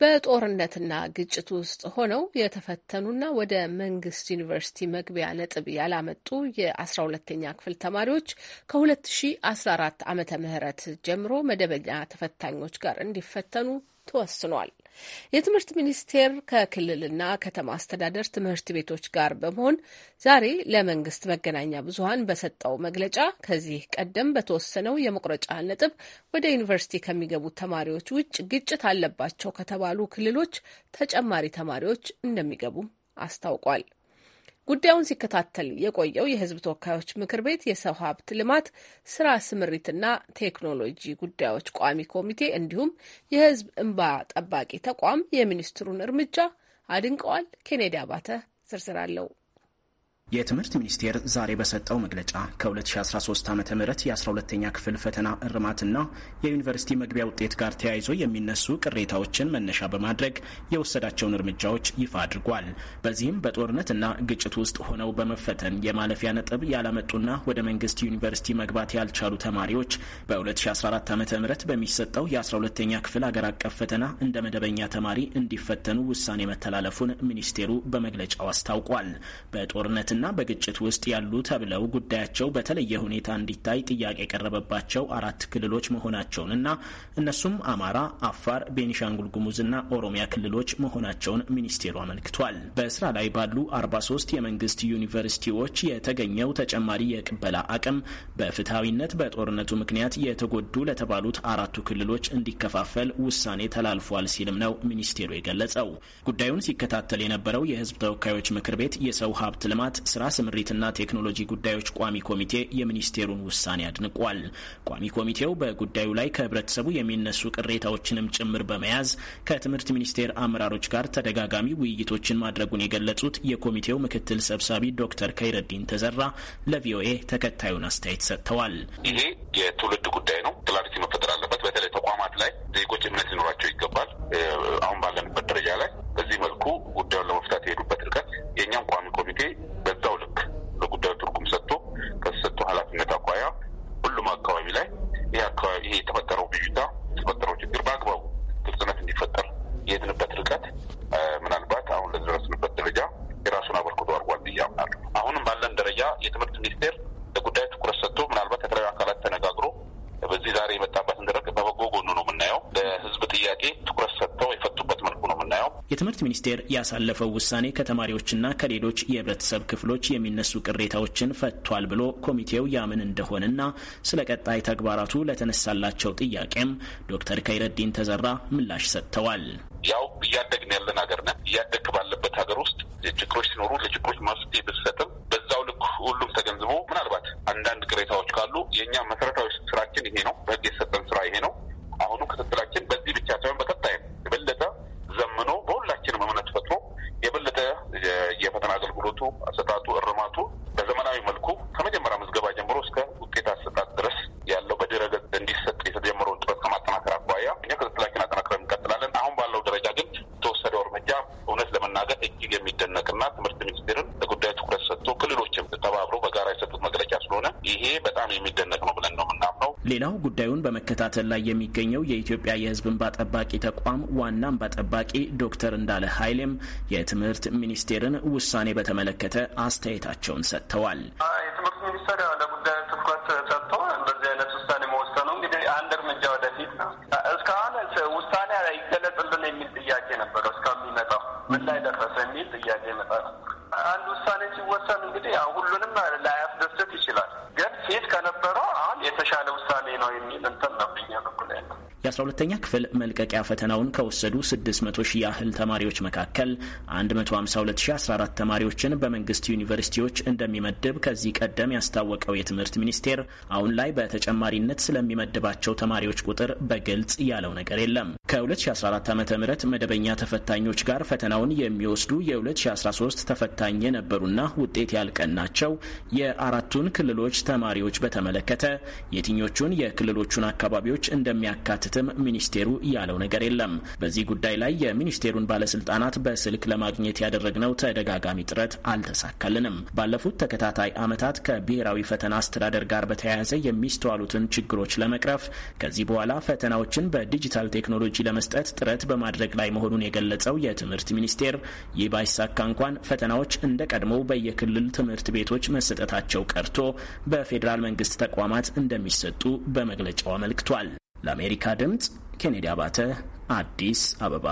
በጦርነትና ግጭት ውስጥ ሆነው የተፈተኑና ወደ መንግስት ዩኒቨርሲቲ መግቢያ ነጥብ ያላመጡ የ12ተኛ ክፍል ተማሪዎች ከ2014 ዓመተ ምህረት ጀምሮ መደበኛ ተፈታኞች ጋር እንዲፈተኑ ተወስኗል። የትምህርት ሚኒስቴር ከክልልና ከተማ አስተዳደር ትምህርት ቤቶች ጋር በመሆን ዛሬ ለመንግስት መገናኛ ብዙኃን በሰጠው መግለጫ ከዚህ ቀደም በተወሰነው የመቁረጫ ነጥብ ወደ ዩኒቨርሲቲ ከሚገቡ ተማሪዎች ውጭ ግጭት አለባቸው ከተባሉ ክልሎች ተጨማሪ ተማሪዎች እንደሚገቡም አስታውቋል። ጉዳዩን ሲከታተል የቆየው የህዝብ ተወካዮች ምክር ቤት የሰው ሀብት ልማት ስራ ስምሪትና ቴክኖሎጂ ጉዳዮች ቋሚ ኮሚቴ እንዲሁም የህዝብ እንባ ጠባቂ ተቋም የሚኒስትሩን እርምጃ አድንቀዋል። ኬኔዲ አባተ ዝርዝር አለው። የትምህርት ሚኒስቴር ዛሬ በሰጠው መግለጫ ከ2013 ዓ ም የ12ኛ ክፍል ፈተና እርማትና የዩኒቨርሲቲ መግቢያ ውጤት ጋር ተያይዞ የሚነሱ ቅሬታዎችን መነሻ በማድረግ የወሰዳቸውን እርምጃዎች ይፋ አድርጓል። በዚህም በጦርነትና ግጭት ውስጥ ሆነው በመፈተን የማለፊያ ነጥብ ያላመጡና ወደ መንግስት ዩኒቨርሲቲ መግባት ያልቻሉ ተማሪዎች በ2014 ዓ ም በሚሰጠው የ12ኛ ክፍል አገር አቀፍ ፈተና እንደ መደበኛ ተማሪ እንዲፈተኑ ውሳኔ መተላለፉን ሚኒስቴሩ በመግለጫው አስታውቋል። በጦርነት በግጭትና በግጭት ውስጥ ያሉ ተብለው ጉዳያቸው በተለየ ሁኔታ እንዲታይ ጥያቄ የቀረበባቸው አራት ክልሎች መሆናቸውንና እነሱም አማራ፣ አፋር፣ ቤኒሻንጉል ጉሙዝና ኦሮሚያ ክልሎች መሆናቸውን ሚኒስቴሩ አመልክቷል። በስራ ላይ ባሉ 43 የመንግስት ዩኒቨርሲቲዎች የተገኘው ተጨማሪ የቅበላ አቅም በፍትሐዊነት በጦርነቱ ምክንያት የተጎዱ ለተባሉት አራቱ ክልሎች እንዲከፋፈል ውሳኔ ተላልፏል ሲልም ነው ሚኒስቴሩ የገለጸው። ጉዳዩን ሲከታተል የነበረው የህዝብ ተወካዮች ምክር ቤት የሰው ሀብት ልማት ስራ ስምሪትና ቴክኖሎጂ ጉዳዮች ቋሚ ኮሚቴ የሚኒስቴሩን ውሳኔ አድንቋል። ቋሚ ኮሚቴው በጉዳዩ ላይ ከህብረተሰቡ የሚነሱ ቅሬታዎችንም ጭምር በመያዝ ከትምህርት ሚኒስቴር አመራሮች ጋር ተደጋጋሚ ውይይቶችን ማድረጉን የገለጹት የኮሚቴው ምክትል ሰብሳቢ ዶክተር ከይረዲን ተዘራ ለቪኦኤ ተከታዩን አስተያየት ሰጥተዋል። ይሄ የትውልድ ጉዳይ ነው። ክላሪቲ መፈጠር አለበት። በተለይ ተቋማት ላይ ዜጎች እምነት ሊኖራቸው ይገባል። አሁን ባለንበት ደረጃ ላይ በዚህ መልኩ ጉዳዩን ለመፍታት የሄዱበት ርቀት የእኛም ቋሚ ኮሚቴ ሚኒስቴር ያሳለፈው ውሳኔ ከተማሪዎችና ከሌሎች የህብረተሰብ ክፍሎች የሚነሱ ቅሬታዎችን ፈቷል ብሎ ኮሚቴው ያምን እንደሆነና ስለ ቀጣይ ተግባራቱ ለተነሳላቸው ጥያቄም ዶክተር ከይረዲን ተዘራ ምላሽ ሰጥተዋል። በመከታተል ላይ የሚገኘው የኢትዮጵያ የሕዝብ እንባ ጠባቂ ተቋም ዋና እንባ ጠባቂ ዶክተር እንዳለ ኃይሌም የትምህርት ሚኒስቴርን ውሳኔ በተመለከተ አስተያየታቸውን ሰጥተዋል። የሁለተኛ ክፍል መልቀቂያ ፈተናውን ከወሰዱ 600 ሺህ ያህል ተማሪዎች መካከል 152014 ተማሪዎችን በመንግስት ዩኒቨርሲቲዎች እንደሚመድብ ከዚህ ቀደም ያስታወቀው የትምህርት ሚኒስቴር አሁን ላይ በተጨማሪነት ስለሚመድባቸው ተማሪዎች ቁጥር በግልጽ ያለው ነገር የለም። ከ2014 ዓ ም መደበኛ ተፈታኞች ጋር ፈተናውን የሚወስዱ የ2013 ተፈታኝ የነበሩና ውጤት ያልቀናቸው የአራቱን ክልሎች ተማሪዎች በተመለከተ የትኞቹን የክልሎቹን አካባቢዎች እንደሚያካትትም ሚኒስቴሩ ያለው ነገር የለም። በዚህ ጉዳይ ላይ የሚኒስቴሩን ባለስልጣናት በስልክ ለማግኘት ያደረግነው ተደጋጋሚ ጥረት አልተሳካልንም። ባለፉት ተከታታይ ዓመታት ከብሔራዊ ፈተና አስተዳደር ጋር በተያያዘ የሚስተዋሉትን ችግሮች ለመቅረፍ ከዚህ በኋላ ፈተናዎችን በዲጂታል ቴክኖሎጂ ለመስጠት ጥረት በማድረግ ላይ መሆኑን የገለጸው የትምህርት ሚኒስቴር ይህ ባይሳካ እንኳን ፈተናዎች እንደ ቀድሞው በየክልል ትምህርት ቤቶች መሰጠታቸው ቀርቶ በፌዴራል መንግስት ተቋማት እንደሚሰጡ በመግለጫው አመልክቷል። ለአሜሪካ ድምፅ ኬኔዲ አባተ አዲስ አበባ።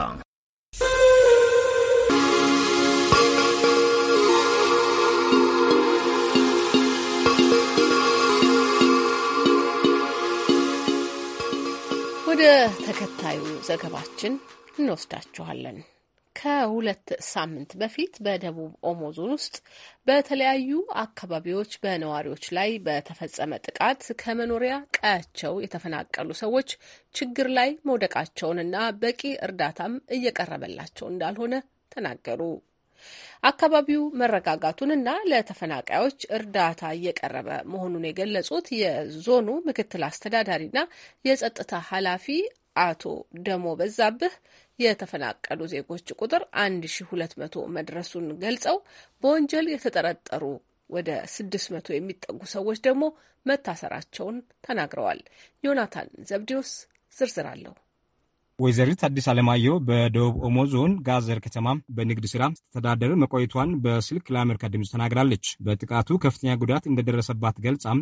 ወደ ተከታዩ ዘገባችን እንወስዳችኋለን። ከሁለት ሳምንት በፊት በደቡብ ኦሞ ዞን ውስጥ በተለያዩ አካባቢዎች በነዋሪዎች ላይ በተፈጸመ ጥቃት ከመኖሪያ ቀያቸው የተፈናቀሉ ሰዎች ችግር ላይ መውደቃቸውንና በቂ እርዳታም እየቀረበላቸው እንዳልሆነ ተናገሩ። አካባቢው መረጋጋቱንና ለተፈናቃዮች እርዳታ እየቀረበ መሆኑን የገለጹት የዞኑ ምክትል አስተዳዳሪና የጸጥታ ኃላፊ አቶ ደሞ በዛብህ የተፈናቀሉ ዜጎች ቁጥር 1200 መድረሱን ገልጸው በወንጀል የተጠረጠሩ ወደ 600 የሚጠጉ ሰዎች ደግሞ መታሰራቸውን ተናግረዋል። ዮናታን ዘብዲዎስ ዝርዝር አለው። ወይዘሪት አዲስ አለማየሁ በደቡብ ኦሞ ዞን ጋዘር ከተማ በንግድ ስራ ስተዳደር መቆየቷን በስልክ ለአሜሪካ ድምፅ ተናግራለች። በጥቃቱ ከፍተኛ ጉዳት እንደደረሰባት ገልጻም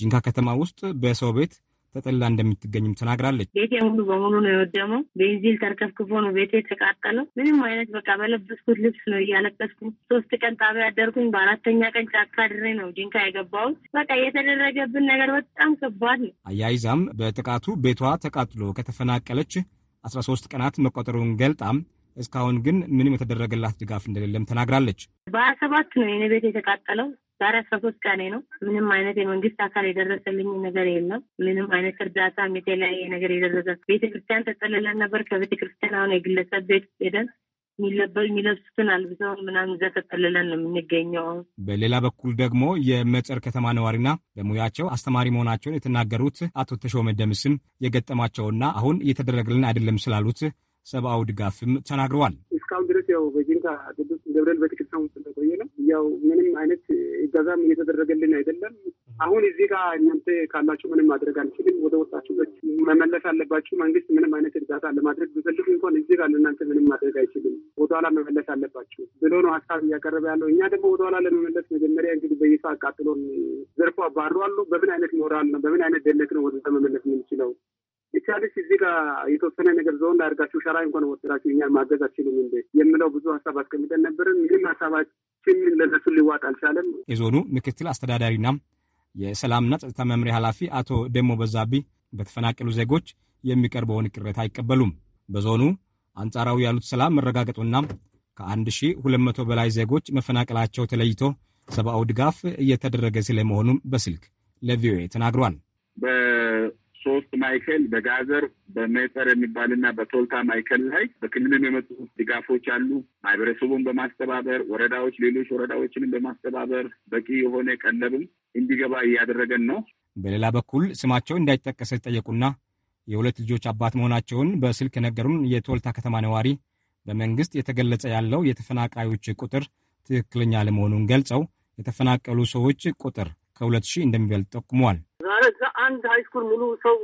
ጂንካ ከተማ ውስጥ በሰው ቤት ተጠላ እንደምትገኝም ተናግራለች። ቤቴ ሙሉ በሙሉ ነው የወደመው። ቤንዚል ተርከፍክፎ ነው ቤቴ የተቃጠለው። ምንም አይነት በቃ በለበስኩት ልብስ ነው እያለቀስኩ። ሶስት ቀን ጣቢያ አደርኩኝ። በአራተኛ ቀን ጫካ ድሬ ነው ድንካ የገባሁት። በቃ የተደረገብን ነገር በጣም ከባድ ነው። አያይዛም በጥቃቱ ቤቷ ተቃጥሎ ከተፈናቀለች ሶስት ቀናት መቆጠሩን ገልጣም እስካሁን ግን ምንም የተደረገላት ድጋፍ እንደሌለም ተናግራለች። በሀያ ሰባት ነው የኔ ቤት የተቃጠለው። ዛሬ አስራ ሶስት ቀኔ ነው። ምንም አይነት የመንግስት አካል የደረሰልኝ ነገር የለም። ምንም አይነት እርዳታ የተለያየ ነገር የደረሰ ቤተክርስቲያን ተጠልለን ነበር። ከቤተክርስቲያን አሁን የግለሰብ ቤት ሄደን የሚለብሱትን አልብሰውን ምናምን እዛ ተጠልለን ነው የምንገኘው። በሌላ በኩል ደግሞ የመጸር ከተማ ነዋሪና በሙያቸው አስተማሪ መሆናቸውን የተናገሩት አቶ ተሾመ ደምስም የገጠማቸውና አሁን እየተደረገልን አይደለም ስላሉት ሰብአዊ ድጋፍም ተናግረዋል። ያው በጅንካ ቅዱስ ገብርኤል ቤተክርስቲያን ውስጥ ቆየ ነው። ያው ምንም አይነት እገዛም እየተደረገልን አይደለም። አሁን እዚህ ጋር እናንተ ካላችሁ ምንም ማድረግ አንችልም። ወደ ወጣችሁበት መመለስ አለባችሁ። መንግስት ምንም አይነት እርዳታ ለማድረግ ቢፈልግ እንኳን እዚህ ጋር ለእናንተ ምንም ማድረግ አይችልም። ወደኋላ መመለስ አለባችሁ ብሎ ነው ሀሳብ እያቀረበ ያለው። እኛ ደግሞ ወደኋላ ለመመለስ መጀመሪያ እንግዲህ በይፋ አቃጥሎን ዘርፎ አባሩ አሉ። በምን አይነት ሞራል ነው በምን አይነት ደነት ነው ወደዛ መመለስ የምንችለው? ይቻልስ እዚህ ጋር የተወሰነ ነገር ዞን አድርጋችሁ ሸራ እንኳን ወሰዳችሁ እኛን ማገዝ አችልም እንዴ የምለው ብዙ ሀሳብ አስቀምጠን ነበርን። ምንም ሀሳባችን ለነሱ ሊዋጥ አልቻለም። የዞኑ ምክትል አስተዳዳሪና የሰላምና ጸጥታ መምሪያ ኃላፊ አቶ ደሞ በዛቢ በተፈናቀሉ ዜጎች የሚቀርበውን ቅሬታ አይቀበሉም። በዞኑ አንጻራዊ ያሉት ሰላም መረጋገጡና ከ1200 በላይ ዜጎች መፈናቀላቸው ተለይቶ ሰብአዊ ድጋፍ እየተደረገ ስለመሆኑም በስልክ ለቪኦኤ ተናግሯል። ሶስት ማዕከል በጋዘር በሜጠር የሚባልና በቶልታ ማዕከል ላይ በክልልም የመጡ ድጋፎች አሉ። ማህበረሰቡን በማስተባበር ወረዳዎች፣ ሌሎች ወረዳዎችንም በማስተባበር በቂ የሆነ ቀለብም እንዲገባ እያደረገን ነው። በሌላ በኩል ስማቸው እንዳይጠቀሰ የጠየቁና የሁለት ልጆች አባት መሆናቸውን በስልክ የነገሩን የቶልታ ከተማ ነዋሪ በመንግስት የተገለጸ ያለው የተፈናቃዮች ቁጥር ትክክለኛ ለመሆኑን ገልጸው የተፈናቀሉ ሰዎች ቁጥር ከሁለት ሺህ እንደሚበልጥ ጠቁመዋል። እዛ አንድ ሃይስኩል ሙሉ ሰው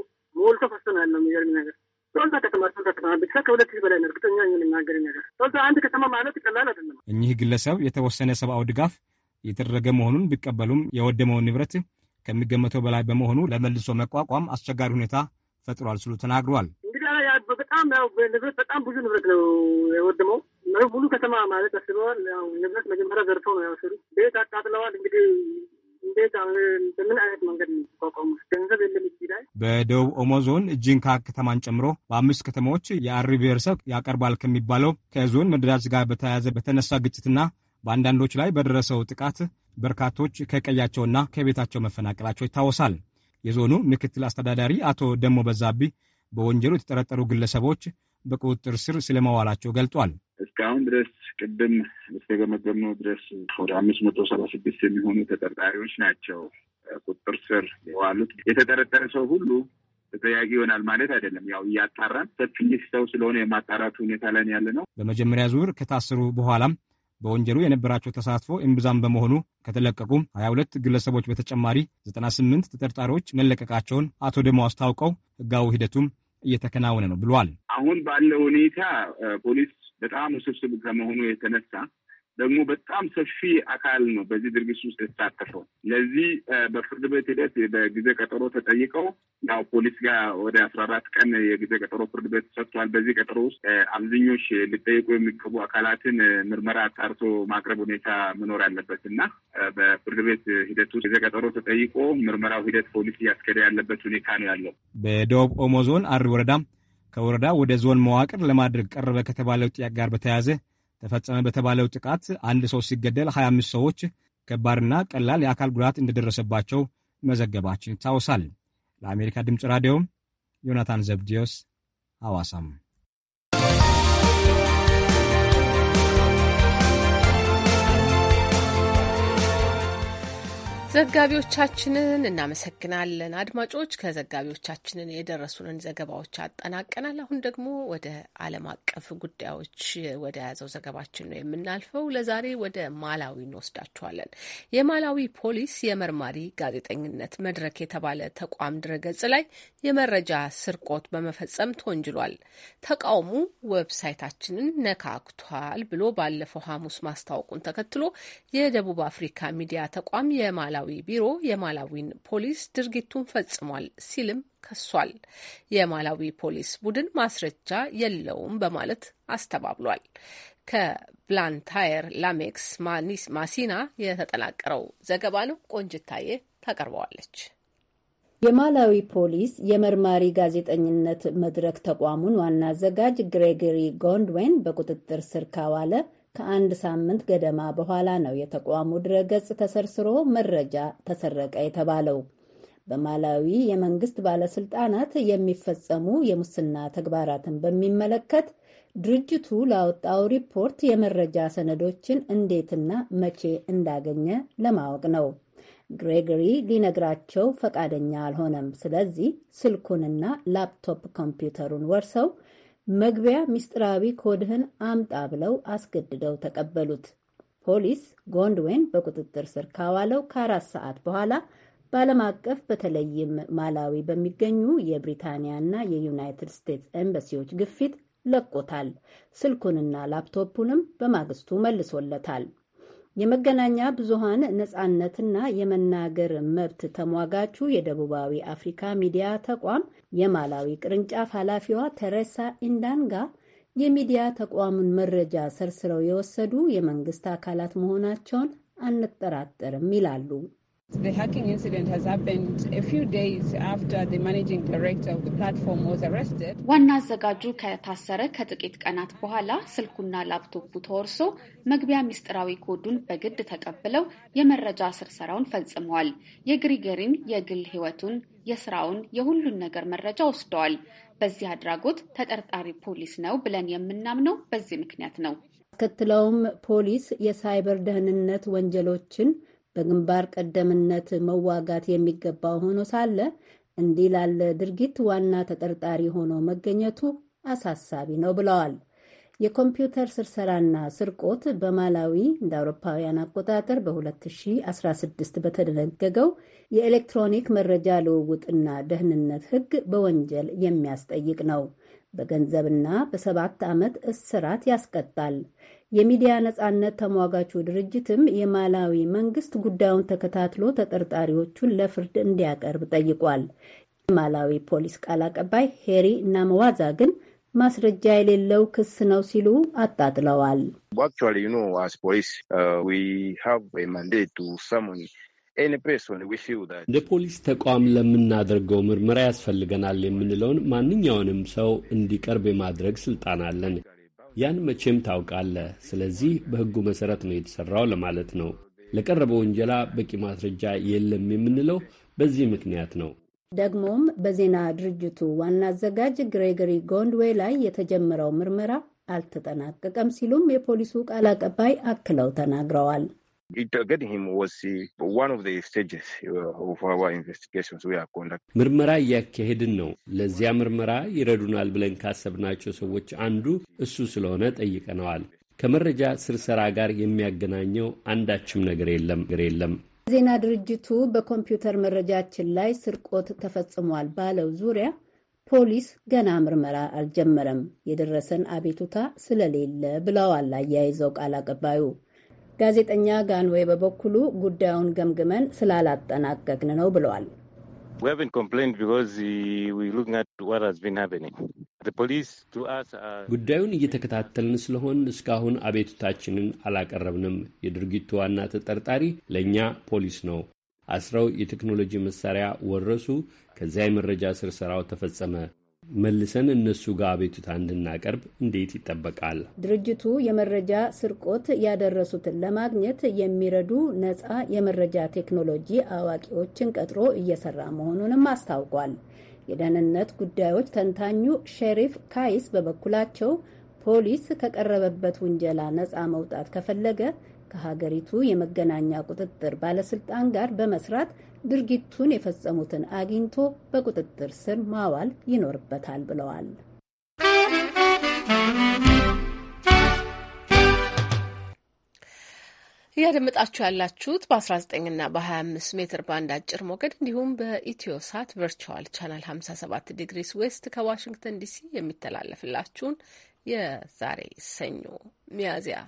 ሞልቶ ፈሰነ ያለው የሚገርም ነገር ሶልታ ከተማ ሶልታ ከተማ ብቻ ከሁለት ሺህ በላይ ነው። እርግጠኛ የምናገር ነገር ሶልታ አንድ ከተማ ማለት ቀላል አይደለም። እኚህ ግለሰብ የተወሰነ ሰብአዊ ድጋፍ የተደረገ መሆኑን ቢቀበሉም የወደመውን ንብረት ከሚገመተው በላይ በመሆኑ ለመልሶ መቋቋም አስቸጋሪ ሁኔታ ፈጥሯል ስሉ ተናግሯል። እንግዲህ በጣም ያው ንብረት በጣም ብዙ ንብረት ነው የወደመው። ሙሉ ከተማ ማለት አስበዋል። ንብረት መጀመሪያ ዘርፈው ነው ያወሰዱ። ቤት አቃጥለዋል። እንግዲህ እንዴት አሁን በምን አይነት መንገድ የሚቋቋሙ? ገንዘብ የለም እጅ ላይ። በደቡብ ኦሞ ዞን ጂንካ ከተማን ጨምሮ በአምስት ከተሞች የአሪ ብሔረሰብ ያቀርባል ከሚባለው ከዞን መደራጅ ጋር በተያያዘ በተነሳ ግጭትና በአንዳንዶች ላይ በደረሰው ጥቃት በርካቶች ከቀያቸውና ከቤታቸው መፈናቀላቸው ይታወሳል። የዞኑ ምክትል አስተዳዳሪ አቶ ደሞ በዛቢ በወንጀሉ የተጠረጠሩ ግለሰቦች በቁጥጥር ስር ስለመዋላቸው ገልጧል። እስካሁን ድረስ ቅድም እስከገመገምነው ድረስ ወደ አምስት መቶ ሰባ ስድስት የሚሆኑ ተጠርጣሪዎች ናቸው ቁጥር ስር የዋሉት። የተጠረጠረ ሰው ሁሉ ተጠያቂ ይሆናል ማለት አይደለም። ያው እያጣራን ሰፊ ሰው ስለሆነ የማጣራቱ ሁኔታ ላይ ያለ ነው። በመጀመሪያ ዙር ከታሰሩ በኋላም በወንጀሉ የነበራቸው ተሳትፎ እምብዛም በመሆኑ ከተለቀቁ 22 ግለሰቦች በተጨማሪ 98 ተጠርጣሪዎች መለቀቃቸውን አቶ ደሞ አስታውቀው ህጋዊ ሂደቱም እየተከናወነ ነው ብሏል። አሁን ባለው ሁኔታ ፖሊስ በጣም ውስብስብ ከመሆኑ የተነሳ ደግሞ በጣም ሰፊ አካል ነው በዚህ ድርጊት ውስጥ የተሳተፈው። ለዚህ በፍርድ ቤት ሂደት በጊዜ ቀጠሮ ተጠይቀው ያው ፖሊስ ጋር ወደ አስራ አራት ቀን የጊዜ ቀጠሮ ፍርድ ቤት ሰጥቷል። በዚህ ቀጠሮ ውስጥ አብዛኞች ሊጠየቁ የሚገቡ አካላትን ምርመራ አጣርቶ ማቅረብ ሁኔታ መኖር ያለበት እና በፍርድ ቤት ሂደት ውስጥ ጊዜ ቀጠሮ ተጠይቆ ምርመራው ሂደት ፖሊስ እያስኬደ ያለበት ሁኔታ ነው ያለው። በደቡብ ኦሞ ዞን አሪ ወረዳም ከወረዳ ወደ ዞን መዋቅር ለማድረግ ቀረበ ከተባለው ጥያቄ ጋር በተያያዘ ተፈጸመ በተባለው ጥቃት አንድ ሰው ሲገደል 25 ሰዎች ከባድና ቀላል የአካል ጉዳት እንደደረሰባቸው መዘገባችን ይታወሳል። ለአሜሪካ ድምፅ ራዲዮ ዮናታን ዘብዲዮስ ሐዋሳም ዘጋቢዎቻችንን እናመሰግናለን። አድማጮች ከዘጋቢዎቻችንን የደረሱንን ዘገባዎች አጠናቀናል። አሁን ደግሞ ወደ ዓለም አቀፍ ጉዳዮች ወደ ያዘው ዘገባችን ነው የምናልፈው። ለዛሬ ወደ ማላዊ እንወስዳችኋለን። የማላዊ ፖሊስ የመርማሪ ጋዜጠኝነት መድረክ የተባለ ተቋም ድረገጽ ላይ የመረጃ ስርቆት በመፈጸም ተወንጅሏል። ተቃውሞ ዌብሳይታችንን ነካክቷል ብሎ ባለፈው ሐሙስ ማስታወቁን ተከትሎ የደቡብ አፍሪካ ሚዲያ ተቋም የማላዊ ብሔራዊ ቢሮ የማላዊን ፖሊስ ድርጊቱን ፈጽሟል ሲልም ከሷል። የማላዊ ፖሊስ ቡድን ማስረጃ የለውም በማለት አስተባብሏል። ከብላንታየር ላሜክስ ማሲና የተጠናቀረው ዘገባ ነው። ቆንጅታዬ ታቀርበዋለች። የማላዊ ፖሊስ የመርማሪ ጋዜጠኝነት መድረክ ተቋሙን ዋና አዘጋጅ ግሬጎሪ ጎንድዌን በቁጥጥር ስር ካዋለ ከአንድ ሳምንት ገደማ በኋላ ነው የተቋሙ ድረገጽ ተሰርስሮ መረጃ ተሰረቀ የተባለው። በማላዊ የመንግስት ባለስልጣናት የሚፈጸሙ የሙስና ተግባራትን በሚመለከት ድርጅቱ ላወጣው ሪፖርት የመረጃ ሰነዶችን እንዴትና መቼ እንዳገኘ ለማወቅ ነው። ግሬጎሪ ሊነግራቸው ፈቃደኛ አልሆነም። ስለዚህ ስልኩንና ላፕቶፕ ኮምፒውተሩን ወርሰው መግቢያ ሚስጥራዊ ኮድህን አምጣ ብለው አስገድደው ተቀበሉት። ፖሊስ ጎንድዌን በቁጥጥር ስር ካዋለው ከአራት ሰዓት በኋላ በዓለም አቀፍ በተለይም ማላዊ በሚገኙ የብሪታንያና የዩናይትድ ስቴትስ ኤምባሲዎች ግፊት ለቆታል። ስልኩንና ላፕቶፑንም በማግስቱ መልሶለታል። የመገናኛ ብዙሃን ነጻነትና የመናገር መብት ተሟጋቹ የደቡባዊ አፍሪካ ሚዲያ ተቋም የማላዊ ቅርንጫፍ ኃላፊዋ ተሬሳ ኢንዳንጋ የሚዲያ ተቋሙን መረጃ ሰርስረው የወሰዱ የመንግስት አካላት መሆናቸውን አንጠራጠርም ይላሉ። The hacking incident has happened a few days after the managing director of the platform was arrested. ዋና አዘጋጁ ከታሰረ ከጥቂት ቀናት በኋላ ስልኩና ላፕቶፑ ተወርሶ መግቢያ ምስጢራዊ ኮዱን በግድ ተቀብለው የመረጃ ስርሰራውን ፈጽመዋል። የግሪገሪን የግል ህይወቱን፣ የስራውን፣ የሁሉን ነገር መረጃ ወስደዋል። በዚህ አድራጎት ተጠርጣሪ ፖሊስ ነው ብለን የምናምነው በዚህ ምክንያት ነው። አስከትለውም ፖሊስ የሳይበር ደህንነት ወንጀሎችን በግንባር ቀደምነት መዋጋት የሚገባው ሆኖ ሳለ እንዲህ ላለ ድርጊት ዋና ተጠርጣሪ ሆኖ መገኘቱ አሳሳቢ ነው ብለዋል። የኮምፒውተር ስርሰራና ስርቆት በማላዊ እንደ አውሮፓውያን አቆጣጠር በ2016 በተደነገገው የኤሌክትሮኒክ መረጃ ልውውጥና ደህንነት ሕግ በወንጀል የሚያስጠይቅ ነው። በገንዘብና በሰባት ዓመት እስራት ያስቀጣል። የሚዲያ ነጻነት ተሟጋቹ ድርጅትም የማላዊ መንግስት ጉዳዩን ተከታትሎ ተጠርጣሪዎቹን ለፍርድ እንዲያቀርብ ጠይቋል። የማላዊ ፖሊስ ቃል አቀባይ ሄሪ ናመዋዛ ግን ማስረጃ የሌለው ክስ ነው ሲሉ አጣጥለዋል። uh, እንደ ፖሊስ ተቋም ለምናደርገው ምርመራ ያስፈልገናል የምንለውን ማንኛውንም ሰው እንዲቀርብ የማድረግ ስልጣን አለን። ያን መቼም ታውቃለህ። ስለዚህ በሕጉ መሠረት ነው የተሠራው ለማለት ነው። ለቀረበው ውንጀላ በቂ ማስረጃ የለም የምንለው በዚህ ምክንያት ነው። ደግሞም በዜና ድርጅቱ ዋና አዘጋጅ ግሬገሪ ጎንድዌይ ላይ የተጀመረው ምርመራ አልተጠናቀቀም ሲሉም የፖሊሱ ቃል አቀባይ አክለው ተናግረዋል። Uh, uh, uh, ምርመራ እያካሄድን ነው። ለዚያ ምርመራ ይረዱናል ብለን ካሰብናቸው ሰዎች አንዱ እሱ ስለሆነ ጠይቀነዋል። ከመረጃ ስርሰራ ጋር የሚያገናኘው አንዳችም ነገር የለም የለም። ዜና ድርጅቱ በኮምፒውተር መረጃችን ላይ ስርቆት ተፈጽሟል ባለው ዙሪያ ፖሊስ ገና ምርመራ አልጀመረም፣ የደረሰን አቤቱታ ስለሌለ ብለዋል አያይዘው ቃል አቀባዩ። ጋዜጠኛ ጋንዌ በበኩሉ ጉዳዩን ገምግመን ስላላጠናቀቅን ነው ብለዋል። ጉዳዩን እየተከታተልን ስለሆን እስካሁን አቤቱታችንን አላቀረብንም። የድርጊቱ ዋና ተጠርጣሪ ለእኛ ፖሊስ ነው። አስረው የቴክኖሎጂ መሳሪያ ወረሱ። ከዚያ የመረጃ ስርሰራው ተፈጸመ። መልሰን እነሱ ጋር አቤቱታ እንድናቀርብ እንዴት ይጠበቃል? ድርጅቱ የመረጃ ስርቆት ያደረሱትን ለማግኘት የሚረዱ ነጻ የመረጃ ቴክኖሎጂ አዋቂዎችን ቀጥሮ እየሰራ መሆኑንም አስታውቋል። የደህንነት ጉዳዮች ተንታኙ ሼሪፍ ካይስ በበኩላቸው ፖሊስ ከቀረበበት ውንጀላ ነጻ መውጣት ከፈለገ ከሀገሪቱ የመገናኛ ቁጥጥር ባለስልጣን ጋር በመስራት ድርጊቱን የፈጸሙትን አግኝቶ በቁጥጥር ስር ማዋል ይኖርበታል ብለዋል። እያደመጣችሁ ያላችሁት በ19 ና በ25 ሜትር ባንድ አጭር ሞገድ እንዲሁም በኢትዮ ሳት ቨርቹዋል ቻናል 57 ዲግሪስ ዌስት ከዋሽንግተን ዲሲ የሚተላለፍላችሁን የዛሬ ሰኞ ሚያዝያ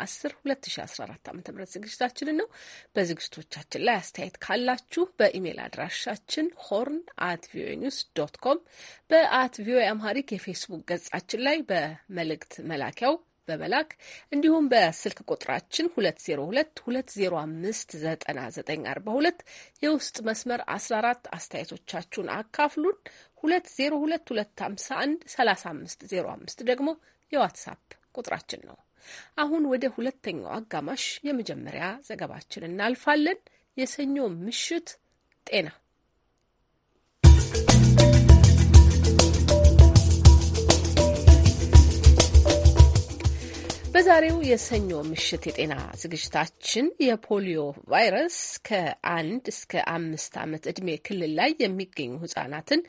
10 2014 ዓ ም ዝግጅታችንን ነው። በዝግጅቶቻችን ላይ አስተያየት ካላችሁ በኢሜይል አድራሻችን ሆርን አት ቪኦኤ ኒውስ ዶት ኮም በአት ቪኦኤ አምሃሪክ የፌስቡክ ገጻችን ላይ በመልእክት መላኪያው በመላክ እንዲሁም በስልክ ቁጥራችን 2022059942 የውስጥ መስመር 14 አስተያየቶቻችሁን አካፍሉን። 2022513505 ደግሞ የዋትሳፕ ቁጥራችን ነው። አሁን ወደ ሁለተኛው አጋማሽ የመጀመሪያ ዘገባችን እናልፋለን። የሰኞ ምሽት ጤና በዛሬው የሰኞ ምሽት የጤና ዝግጅታችን የፖሊዮ ቫይረስ ከአንድ እስከ አምስት ዓመት ዕድሜ ክልል ላይ የሚገኙ ህጻናትን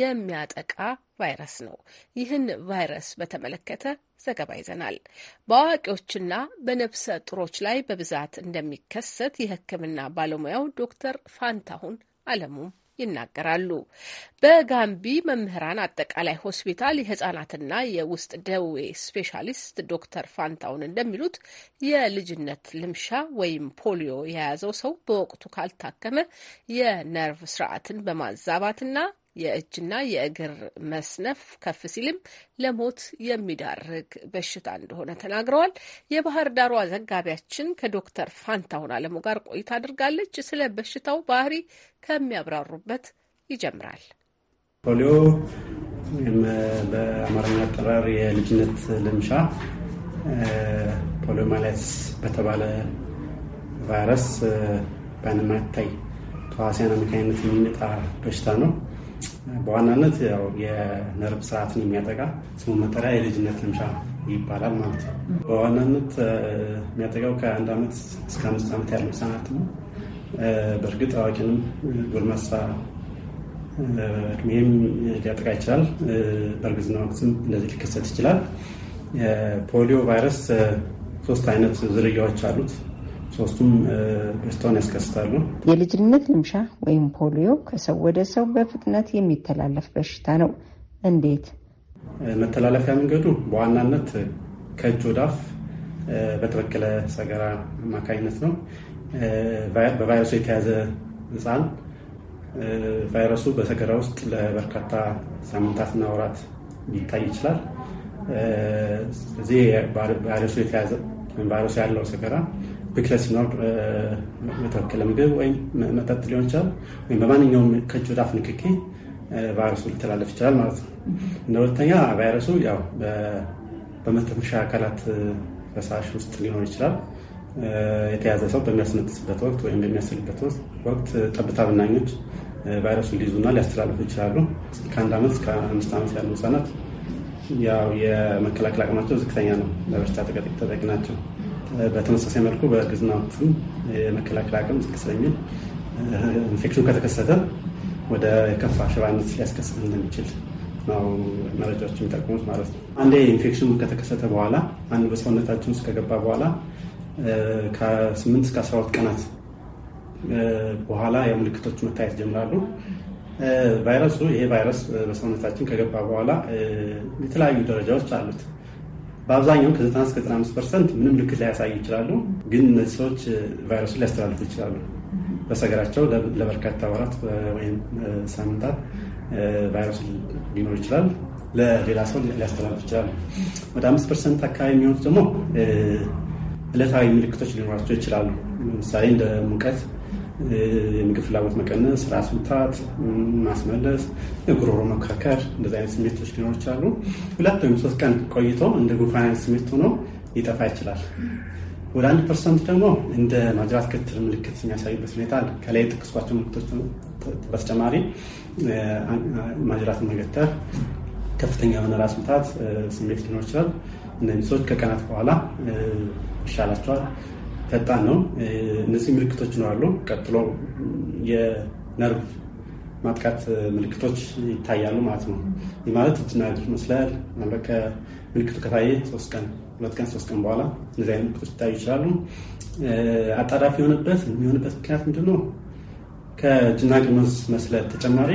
የሚያጠቃ ቫይረስ ነው። ይህን ቫይረስ በተመለከተ ዘገባ ይዘናል። በአዋቂዎችና በነፍሰ ጡሮች ላይ በብዛት እንደሚከሰት የሕክምና ባለሙያው ዶክተር ፋንታሁን አለሙ ይናገራሉ። በጋምቢ መምህራን አጠቃላይ ሆስፒታል የህጻናትና የውስጥ ደዌ ስፔሻሊስት ዶክተር ፋንታውን እንደሚሉት የልጅነት ልምሻ ወይም ፖሊዮ የያዘው ሰው በወቅቱ ካልታከመ የነርቭ ስርዓትን በማዛባትና የእጅና የእግር መስነፍ ከፍ ሲልም ለሞት የሚዳርግ በሽታ እንደሆነ ተናግረዋል። የባህር ዳሯ ዘጋቢያችን ከዶክተር ፋንታሁን አለሙ ጋር ቆይታ አድርጋለች። ስለ በሽታው ባህሪ ከሚያብራሩበት ይጀምራል። ፖሊዮ በአማርኛ አጠራር የልጅነት ልምሻ ፖሊዮማይላይትስ በተባለ ቫይረስ በአይነማታይ ተዋሲያን አማካኝነት የሚመጣ በሽታ ነው። በዋናነት ያው የነርቭ ስርዓትን የሚያጠቃ ስሙ መጠሪያ የልጅነት ልምሻ ይባላል ማለት ነው። በዋናነት የሚያጠቃው ከአንድ ዓመት እስከ አምስት ዓመት ያለው ህጻናት ነው። በእርግጥ አዋቂንም ጎልማሳ እድሜም ሊያጠቃ ይችላል። በእርግዝና ወቅትም እንደዚህ ሊከሰት ይችላል። የፖሊዮ ቫይረስ ሶስት አይነት ዝርያዎች አሉት። ሶስቱም በሽታውን ያስከስታሉ። የልጅነት ልምሻ ወይም ፖሊዮ ከሰው ወደ ሰው በፍጥነት የሚተላለፍ በሽታ ነው። እንዴት? መተላለፊያ መንገዱ በዋናነት ከእጅ ወዳፍ በተበከለ ሰገራ አማካኝነት ነው። በቫይረሱ የተያዘ ህፃን ቫይረሱ በሰገራ ውስጥ ለበርካታ ሳምንታትና ወራት ሊታይ ይችላል። የተያዘ ቫይረሱ ያለው ሰገራ ብክለት ሲኖር በተወከለ ምግብ ወይም መጠጥ ሊሆን ይችላል። ወይም በማንኛውም ከእጅ ወደ አፍ ንክኪ ቫይረሱ ሊተላለፍ ይችላል ማለት ነው። እንደ ሁለተኛ ቫይረሱ ያው በመተንፈሻ አካላት ፈሳሽ ውስጥ ሊኖር ይችላል። የተያዘ ሰው በሚያስነጥስበት ወቅት ወይም በሚያስልበት ወቅት ጠብታ ብናኞች ቫይረሱን ሊይዙና ሊያስተላልፉ ይችላሉ። ከአንድ ዓመት እስከ አምስት ዓመት ያሉ ህጻናት ያው የመከላከል አቅማቸው ዝቅተኛ ነው፣ ለበሽታ ተጠቂ ናቸው። በተመሳሳይ መልኩ በግዝናቱም የመከላከል አቅም ዝቅ ስለሚል ኢንፌክሽን ከተከሰተ ወደ ከፋ ሽባነት ሊያስከስል እንደሚችል ነው መረጃዎች የሚጠቅሙት ማለት ነው። አንዴ ኢንፌክሽን ከተከሰተ በኋላ አንድ በሰውነታችን ውስጥ ከገባ በኋላ ከ8 እስከ 12 ቀናት በኋላ የምልክቶች መታየት ጀምራሉ። ቫይረሱ ይሄ ቫይረስ በሰውነታችን ከገባ በኋላ የተለያዩ ደረጃዎች አሉት። በአብዛኛው ከ90 እስከ 95 ፐርሰንት ምንም ምልክት ላያሳይ ይችላሉ። ግን እነዚህ ሰዎች ቫይረሱን ሊያስተላልፉ ይችላሉ። በሰገራቸው ለበርካታ ወራት ወይም ሳምንታት ቫይረሱ ሊኖር ይችላል። ለሌላ ሰው ሊያስተላልፍ ይችላሉ። ወደ አምስት ፐርሰንት አካባቢ የሚሆኑት ደግሞ ዕለታዊ ምልክቶች ሊኖራቸው ይችላሉ። ለምሳሌ እንደ ሙቀት የምግብ ፍላጎት መቀነስ፣ ራስ ምታት፣ ማስመለስ፣ የጉሮሮ መካከር እንደዚ አይነት ስሜቶች ሊኖሮች አሉ። ሁለት ወይም ሶስት ቀን ቆይቶ እንደ ጉንፋን አይነት ስሜት ሆኖ ሊጠፋ ይችላል። ወደ አንድ ፐርሰንት ደግሞ እንደ ማጅራት ክትል ምልክት የሚያሳዩበት ሁኔታ አለ። ከላይ የጠቀስኳቸው ምልክቶች በተጨማሪ ማጅራት መገተር፣ ከፍተኛ የሆነ ራስ ምታት ስሜት ሊኖር ይችላል። እነዚህ ሰዎች ከቀናት በኋላ ይሻላቸዋል። ፈጣን ነው። እነዚህ ምልክቶች ይኖራሉ። ቀጥሎ የነርቭ ማጥቃት ምልክቶች ይታያሉ ማለት ነው። ይህ ማለት እጅና እግር መስለል ምልክቱ ከታየ ሶስት ቀን ሁለት ቀን ሶስት ቀን በኋላ እነዚህ አይነት ምልክቶች ይታዩ ይችላሉ። አጣዳፊ የሆነበት የሚሆንበት ምክንያት ነው? ከእጅና እግር መስለል ተጨማሪ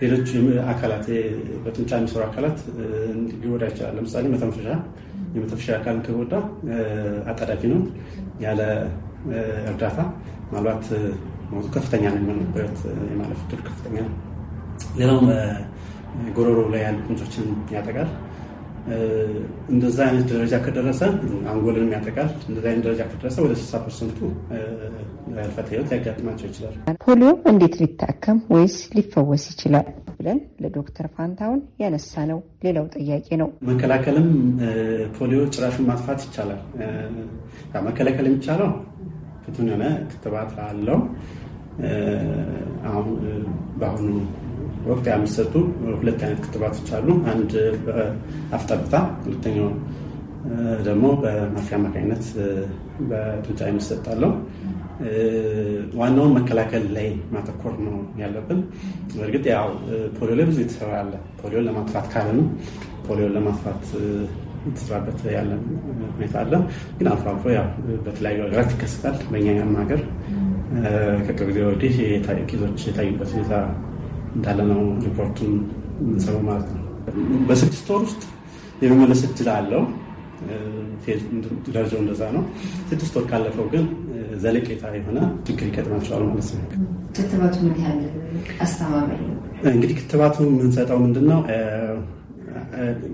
ሌሎች አካላት በጡንቻ የሚሰሩ አካላት ሊወዳ ይችላል። ለምሳሌ መተንፈሻ የመተንፈሻ አካል ከጎዳ አጣዳፊ ነው። ያለ እርዳታ ምናልባት ሞቱ ከፍተኛ ነው የሚሆንበት የማለፍ ዕድሉ ከፍተኛ ነው። ሌላው ጎሮሮ ላይ ያሉ ቁንጮችን ያጠቃል። እንደዛ አይነት ደረጃ ከደረሰ አንጎልንም ያጠቃል። እንደዛ አይነት ደረጃ ከደረሰ ወደ 60 ፐርሰንቱ ህልፈተ ህይወት ሊያጋጥማቸው ይችላል። ፖሊዮ እንዴት ሊታከም ወይስ ሊፈወስ ይችላል? ብለን ለዶክተር ፋንታውን ነው ሌላው ጥያቄ ነው። መከላከልም ፖሊዮ ጭራሹን ማጥፋት ይቻላል። መከላከል የሚቻለው ፍቱን የሆነ ክትባት አለው። አሁን በአሁኑ ወቅት የሚሰጡ ሁለት አይነት ክትባቶች አሉ። አንድ በአፍጠርታ፣ ሁለተኛው ደግሞ በማፊያ አማካኝነት በጡንቻ የሚሰጣለው ዋናውን መከላከል ላይ ማተኮር ነው ያለብን። እርግጥ ያው ፖሊዮ ላይ ብዙ የተሰራ አለ። ፖሊዮን ለማጥፋት ካለ ነው ፖሊዮን ለማጥፋት የተሰራበት ያለ ሁኔታ አለ። ግን አልፎ አልፎ ያው በተለያዩ ሀገራት ይከሰታል። በእኛ ያም ሀገር ከቅርብ ጊዜ ወዲህ ኬዞች የታዩበት ሁኔታ እንዳለ ነው ሪፖርቱን የምንሰማው ማለት ነው። በስድስት ወር ውስጥ የመመለስ እድል አለው። ደረጃው እንደዛ ነው። ስድስት ወር ካለፈው ግን ዘለቄታ የሆነ ችግር ይገጥማቸዋል ማለት ነው። ክትባቱ ምን ያህል አስተማማኝ ነው? እንግዲህ ክትባቱ የምንሰጠው ምንድን ነው?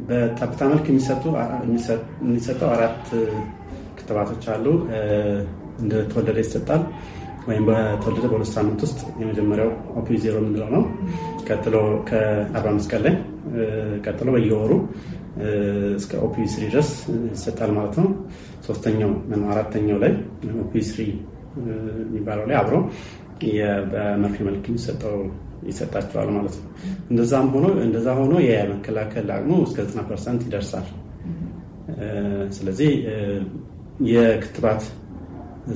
በጠብታ መልክ የሚሰጠው አራት ክትባቶች አሉ። እንደተወለደ ይሰጣል ወይም በተወለደ በሁለት ሳምንት ውስጥ የመጀመሪያው ኦፒ ዜሮ የምንለው ነው። ቀጥሎ ከአርባ አምስት ቀን ላይ ቀጥሎ በየወሩ እስከ ኦፒስሪ ድረስ ይሰጣል ማለት ነው። ሶስተኛው አራተኛው ላይ ኦፒስሪ የሚባለው ላይ አብሮ በመርፌ መልክ የሚሰጠው ይሰጣቸዋል ማለት ነው። እንደዛም ሆኖ እንደዛ ሆኖ የመከላከል አቅሙ እስከ 90 ፐርሰንት ይደርሳል። ስለዚህ የክትባት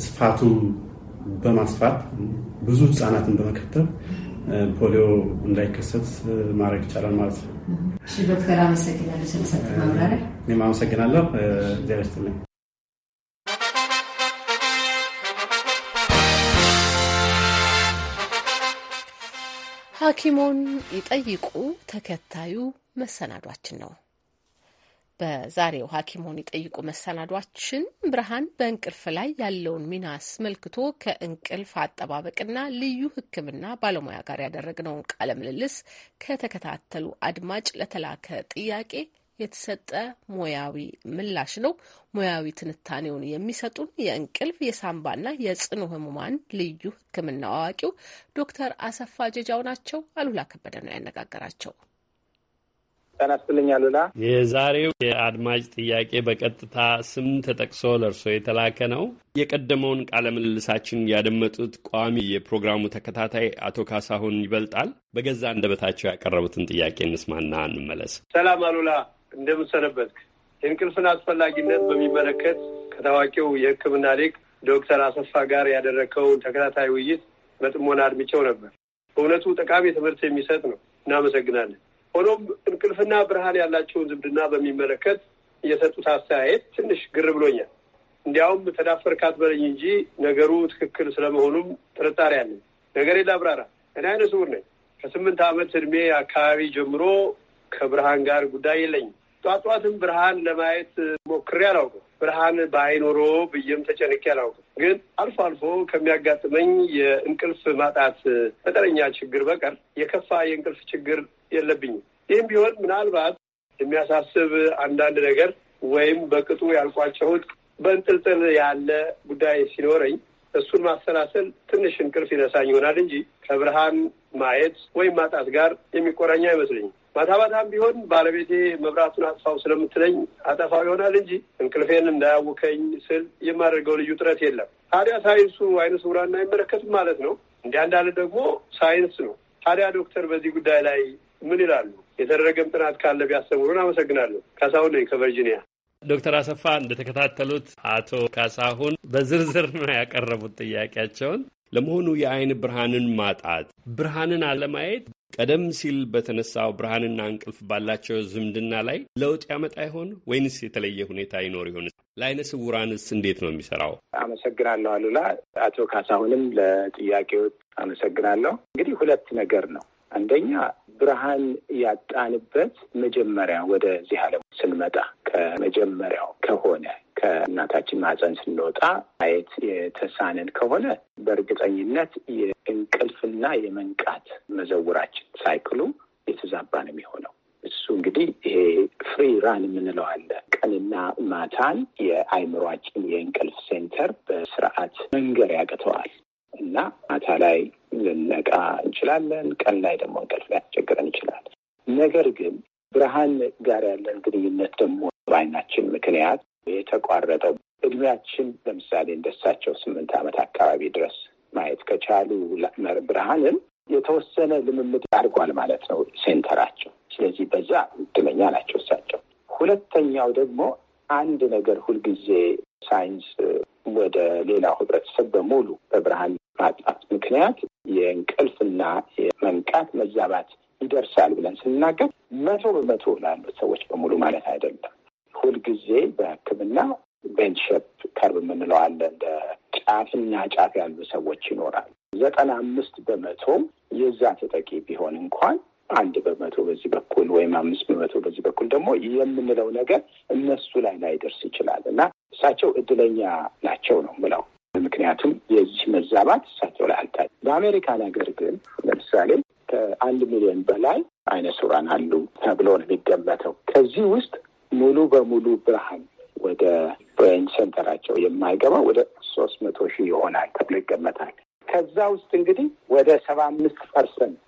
ስፋቱን በማስፋት ብዙ ህፃናትን በመከተብ ፖሊዮ እንዳይከሰት ማድረግ ይቻላል ማለት ነው። እሺ ዶክተር አመሰግናለሁ ማብራሪያ። እኔም አመሰግናለሁ። እግዚአብሔር ይስጥልኝ። ሐኪሙን ይጠይቁ ተከታዩ መሰናዷችን ነው። በዛሬው ሐኪሞን ይጠይቁ መሰናዷችን ብርሃን በእንቅልፍ ላይ ያለውን ሚና አስመልክቶ ከእንቅልፍ አጠባበቅና ልዩ ሕክምና ባለሙያ ጋር ያደረግነውን ቃለ ምልልስ ከተከታተሉ አድማጭ ለተላከ ጥያቄ የተሰጠ ሙያዊ ምላሽ ነው። ሙያዊ ትንታኔውን የሚሰጡን የእንቅልፍ የሳምባና የጽኑ ህሙማን ልዩ ሕክምና አዋቂው ዶክተር አሰፋ ጀጃው ናቸው። አሉላ ከበደ ነው ያነጋገራቸው። ጤና የዛሬው የአድማጭ ጥያቄ በቀጥታ ስም ተጠቅሶ ለእርሶ የተላከ ነው። የቀደመውን ቃለ ምልልሳችን ያደመጡት ቋሚ የፕሮግራሙ ተከታታይ አቶ ካሳሁን ይበልጣል በገዛ እንደበታቸው ያቀረቡትን ጥያቄ እንስማና እንመለስ። ሰላም አሉላ፣ እንደምንሰነበትክ። የእንቅልፍን አስፈላጊነት በሚመለከት ከታዋቂው የሕክምና ሊቅ ዶክተር አሰፋ ጋር ያደረከውን ተከታታይ ውይይት በጥሞና አድምጬው ነበር። በእውነቱ ጠቃሚ ትምህርት የሚሰጥ ነው። እናመሰግናለን። ሆኖም እንቅልፍና ብርሃን ያላቸውን ዝምድና በሚመለከት የሰጡት አስተያየት ትንሽ ግር ብሎኛል። እንዲያውም ተዳፈርካት በለኝ እንጂ ነገሩ ትክክል ስለመሆኑም ጥርጣሬ አለኝ። ነገሬ ላብራራ። እኔ አይነ ስውር ነኝ። ከስምንት ዓመት እድሜ አካባቢ ጀምሮ ከብርሃን ጋር ጉዳይ የለኝም። ጧጧትም ብርሃን ለማየት ሞክሬ አላውቅም። ብርሃን ባይኖሮ ብዬም ተጨንቄ አላውቅም። ግን አልፎ አልፎ ከሚያጋጥመኝ የእንቅልፍ ማጣት መጠነኛ ችግር በቀር የከፋ የእንቅልፍ ችግር የለብኝም። ይህም ቢሆን ምናልባት የሚያሳስብ አንዳንድ ነገር ወይም በቅጡ ያልቋጨሁት በእንጥልጥል ያለ ጉዳይ ሲኖረኝ እሱን ማሰላሰል ትንሽ እንቅልፍ ይነሳኝ ይሆናል እንጂ ከብርሃን ማየት ወይም ማጣት ጋር የሚቆራኝ አይመስለኝም። ማታ ማታም ቢሆን ባለቤቴ መብራቱን አጥፋው ስለምትለኝ አጠፋው ይሆናል እንጂ እንቅልፌን እንዳያውከኝ ስል የማደርገው ልዩ ጥረት የለም። ታዲያ ሳይንሱ አይነ ስውራን አይመለከትም ማለት ነው? እንዲህ ደግሞ ሳይንስ ነው። ታዲያ ዶክተር በዚህ ጉዳይ ላይ ምን ይላሉ? የተደረገም ጥናት ካለ ቢያሰሙሩን። አመሰግናለሁ። ካሳሁን ነኝ ከቨርጂኒያ። ዶክተር አሰፋ እንደተከታተሉት አቶ ካሳሁን በዝርዝር ነው ያቀረቡት ጥያቄያቸውን። ለመሆኑ የአይን ብርሃንን ማጣት ብርሃንን አለማየት ቀደም ሲል በተነሳው ብርሃንና እንቅልፍ ባላቸው ዝምድና ላይ ለውጥ ያመጣ ይሆን ወይንስ የተለየ ሁኔታ ይኖር ይሆን? ለአይነ ስውራንስ እንዴት ነው የሚሰራው? አመሰግናለሁ አሉላ። አቶ ካሳሁንም ለጥያቄዎች አመሰግናለሁ። እንግዲህ ሁለት ነገር ነው። አንደኛ ብርሃን ያጣንበት መጀመሪያ ወደዚህ ዓለም ስንመጣ ከመጀመሪያው ከሆነ ከእናታችን ማህፀን ስንወጣ ማየት የተሳነን ከሆነ በእርግጠኝነት የእንቅልፍና የመንቃት መዘውራችን ሳይክሉ የተዛባ ነው የሚሆነው። እሱ እንግዲህ ይሄ ፍሪ ራን የምንለው አለ። ቀንና ማታን የአይምሯችን የእንቅልፍ ሴንተር በስርዓት መንገር ያቅተዋል። እና ማታ ላይ ልነቃ እንችላለን። ቀን ላይ ደግሞ እንቅልፍ ሊያስቸግረን ይችላል። ነገር ግን ብርሃን ጋር ያለን ግንኙነት ደግሞ በአይናችን ምክንያት የተቋረጠው እድሜያችን ለምሳሌ እንደሳቸው ስምንት ዓመት አካባቢ ድረስ ማየት ከቻሉ ብርሃንን የተወሰነ ልምምድ አድርጓል ማለት ነው ሴንተራቸው። ስለዚህ በዛ እድለኛ ናቸው እሳቸው። ሁለተኛው ደግሞ አንድ ነገር ሁልጊዜ ሳይንስ ወደ ሌላው ህብረተሰብ በሙሉ በብርሃን ማጣት ምክንያት የእንቅልፍና የመንቃት መዛባት ይደርሳል ብለን ስንናገር መቶ በመቶ ላሉት ሰዎች በሙሉ ማለት አይደለም። ሁልጊዜ በህክምና ቤንሸፕ ከርብ የምንለው አለ። እንደ ጫፍና ጫፍ ያሉ ሰዎች ይኖራል። ዘጠና አምስት በመቶ የዛ ተጠቂ ቢሆን እንኳን አንድ በመቶ በዚህ በኩል ወይም አምስት በመቶ በዚህ በኩል ደግሞ የምንለው ነገር እነሱ ላይ ላይደርስ ይችላል እና እሳቸው እድለኛ ናቸው ነው ምለው። ምክንያቱም የዚህ መዛባት እሳቸው ላይ አልታየም። በአሜሪካን ሀገር ግን ለምሳሌ ከአንድ ሚሊዮን በላይ አይነ ሱራን አሉ ተብሎ ነው የሚገመተው። ከዚህ ውስጥ ሙሉ በሙሉ ብርሃን ወደ ብሬን ሴንተራቸው የማይገባው ወደ ሶስት መቶ ሺህ ይሆናል ተብሎ ይገመታል። ከዛ ውስጥ እንግዲህ ወደ ሰባ አምስት ፐርሰንት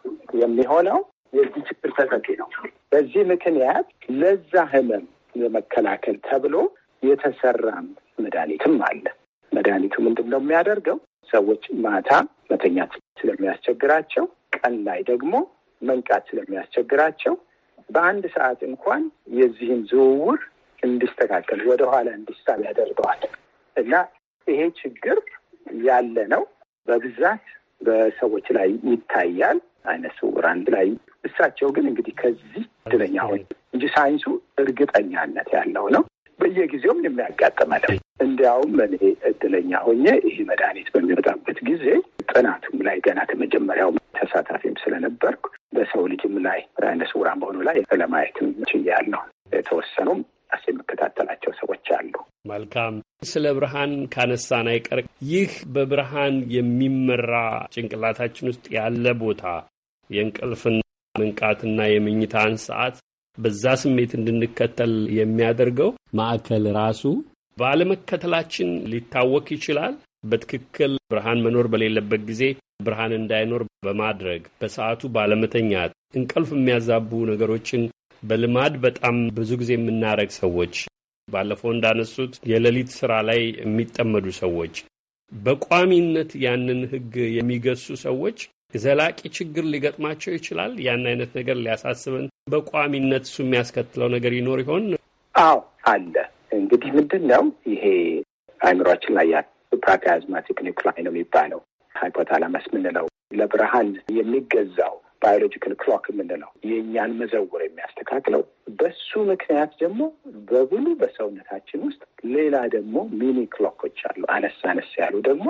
የሚሆነው የዚህ ችግር ተጠቂ ነው። በዚህ ምክንያት ለዛ ህመም ለመከላከል ተብሎ የተሰራ መድኃኒትም አለ። መድኃኒቱ ምንድን ነው የሚያደርገው? ሰዎች ማታ መተኛት ስለሚያስቸግራቸው፣ ቀን ላይ ደግሞ መንቃት ስለሚያስቸግራቸው በአንድ ሰዓት እንኳን የዚህን ዝውውር እንዲስተካከል ወደኋላ እንዲሳብ ያደርገዋል እና ይሄ ችግር ያለ ነው። በብዛት በሰዎች ላይ ይታያል፣ አይነ ስውራን ላይ። እሳቸው ግን እንግዲህ ከዚህ እድለኛ ሆን እንጂ ሳይንሱ እርግጠኛነት ያለው ነው። በየጊዜውም ምንም ያጋጠማል። እንዲያውም እኔ እድለኛ ሆኜ ይህ መድኃኒት በሚወጣበት ጊዜ ጥናቱም ላይ ገና ከመጀመሪያው ተሳታፊም ስለነበርኩ በሰው ልጅም ላይ ዓይነ ስውራን በሆኑ ላይ ለማየትም ችያለሁ። የተወሰኑም ራሴ የምከታተላቸው ሰዎች አሉ። መልካም። ስለ ብርሃን ካነሳን አይቀር ይህ በብርሃን የሚመራ ጭንቅላታችን ውስጥ ያለ ቦታ የእንቅልፍና መንቃትና የመኝታን ሰዓት በዛ ስሜት እንድንከተል የሚያደርገው ማዕከል ራሱ ባለመከተላችን ሊታወክ ይችላል። በትክክል ብርሃን መኖር በሌለበት ጊዜ ብርሃን እንዳይኖር በማድረግ በሰዓቱ ባለመተኛት፣ እንቅልፍ የሚያዛቡ ነገሮችን በልማድ በጣም ብዙ ጊዜ የምናረግ ሰዎች፣ ባለፈው እንዳነሱት የሌሊት ስራ ላይ የሚጠመዱ ሰዎች፣ በቋሚነት ያንን ህግ የሚገሱ ሰዎች ዘላቂ ችግር ሊገጥማቸው ይችላል። ያን አይነት ነገር ሊያሳስብን በቋሚነት እሱ የሚያስከትለው ነገር ይኖር ይሆን? አዎ አለ። እንግዲህ ምንድን ነው ይሄ አእምሯችን ላይ ያ ፕራፒያዝማቲክ ኒክላይ ነው የሚባለው ሃይፖታላመስ ምንለው ለብርሃን የሚገዛው ባዮሎጂካል ክሎክ የምንለው የእኛን መዘውር የሚያስተካክለው በሱ ምክንያት ደግሞ በብሉ በሰውነታችን ውስጥ ሌላ ደግሞ ሚኒ ክሎኮች አሉ። አነስ አነስ ያሉ ደግሞ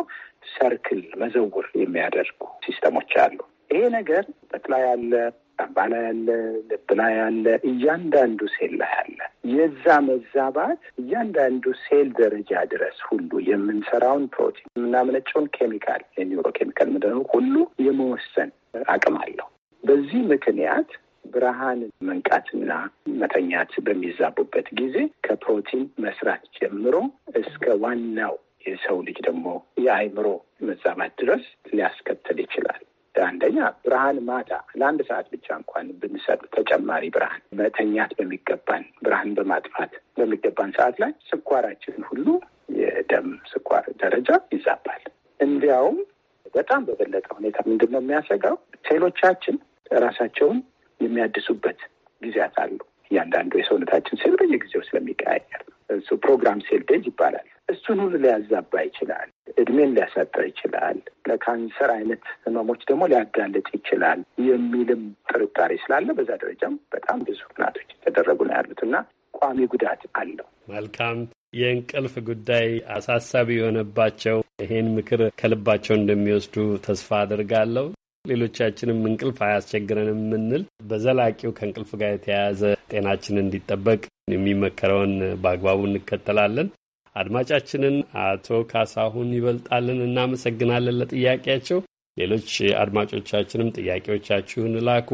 ሰርክል መዘውር የሚያደርጉ ሲስተሞች አሉ። ይሄ ነገር ጥቅ ላይ ያለ፣ ጣባ ላይ ያለ፣ ልብ ላይ ያለ፣ እያንዳንዱ ሴል ላይ ያለ የዛ መዛባት እያንዳንዱ ሴል ደረጃ ድረስ ሁሉ የምንሰራውን ፕሮቲን የምናመነጨውን ኬሚካል የኒውሮ ኬሚካል ምንድነው ሁሉ የመወሰን አቅም አለው። በዚህ ምክንያት ብርሃን መንቃትና መተኛት በሚዛቡበት ጊዜ ከፕሮቲን መስራት ጀምሮ እስከ ዋናው የሰው ልጅ ደግሞ የአእምሮ መዛባት ድረስ ሊያስከትል ይችላል። አንደኛ ብርሃን ማታ ለአንድ ሰዓት ብቻ እንኳን ብንሰጥ ተጨማሪ ብርሃን መተኛት በሚገባን ብርሃን በማጥፋት በሚገባን ሰዓት ላይ ስኳራችን ሁሉ የደም ስኳር ደረጃ ይዛባል። እንዲያውም በጣም በበለጠ ሁኔታ ምንድን ነው የሚያሰጋው? ሴሎቻችን ራሳቸውን የሚያድሱበት ጊዜያት አሉ። እያንዳንዱ የሰውነታችን ሴል በየጊዜው ስለሚቀያየር እሱ ፕሮግራም ሴል ዴዝ ይባላል። እሱን ሁሉ ሊያዛባ ይችላል። እድሜን ሊያሳጣ ይችላል። ለካንሰር አይነት ህመሞች ደግሞ ሊያጋልጥ ይችላል የሚልም ጥርጣሬ ስላለ በዛ ደረጃም በጣም ብዙ ጥናቶች የተደረጉ ነው ያሉት እና ቋሚ ጉዳት አለው። መልካም የእንቅልፍ ጉዳይ አሳሳቢ የሆነባቸው ይሄን ምክር ከልባቸው እንደሚወስዱ ተስፋ አድርጋለሁ። ሌሎቻችንም እንቅልፍ አያስቸግረንም የምንል በዘላቂው ከእንቅልፍ ጋር የተያያዘ ጤናችን እንዲጠበቅ የሚመከረውን በአግባቡ እንከተላለን። አድማጫችንን አቶ ካሳሁን ይበልጣልን እናመሰግናለን ለጥያቄያቸው። ሌሎች አድማጮቻችንም ጥያቄዎቻችሁን ላኩ።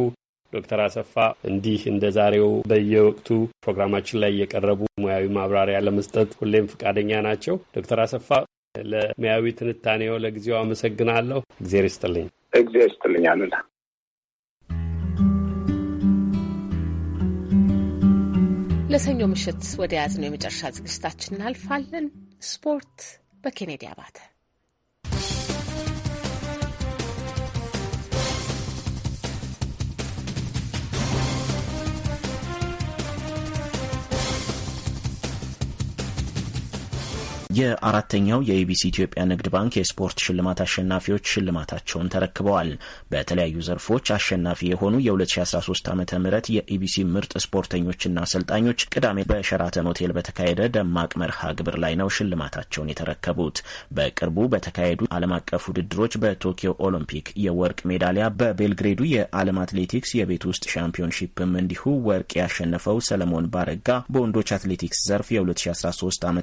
ዶክተር አሰፋ እንዲህ እንደ ዛሬው በየወቅቱ ፕሮግራማችን ላይ የቀረቡ ሙያዊ ማብራሪያ ለመስጠት ሁሌም ፈቃደኛ ናቸው። ዶክተር አሰፋ ለሙያዊ ትንታኔው ለጊዜው አመሰግናለሁ። እግዜር ይስጥልኝ። እግዜር ይስጥልኝ አሉላ። ለሰኞ ምሽት ወደ ያዝነው የመጨረሻ ዝግጅታችን እናልፋለን። ስፖርት በኬኔዲ አባተ የአራተኛው የኢቢሲ ኢትዮጵያ ንግድ ባንክ የስፖርት ሽልማት አሸናፊዎች ሽልማታቸውን ተረክበዋል። በተለያዩ ዘርፎች አሸናፊ የሆኑ የ2013 ዓ ም የኢቢሲ ምርጥ ስፖርተኞችና አሰልጣኞች ቅዳሜ በሸራተን ሆቴል በተካሄደ ደማቅ መርሃ ግብር ላይ ነው ሽልማታቸውን የተረከቡት። በቅርቡ በተካሄዱ ዓለም አቀፍ ውድድሮች በቶኪዮ ኦሎምፒክ የወርቅ ሜዳሊያ፣ በቤልግሬዱ የዓለም አትሌቲክስ የቤት ውስጥ ሻምፒዮንሺፕም እንዲሁ ወርቅ ያሸነፈው ሰለሞን ባረጋ በወንዶች አትሌቲክስ ዘርፍ የ2013 ዓ ም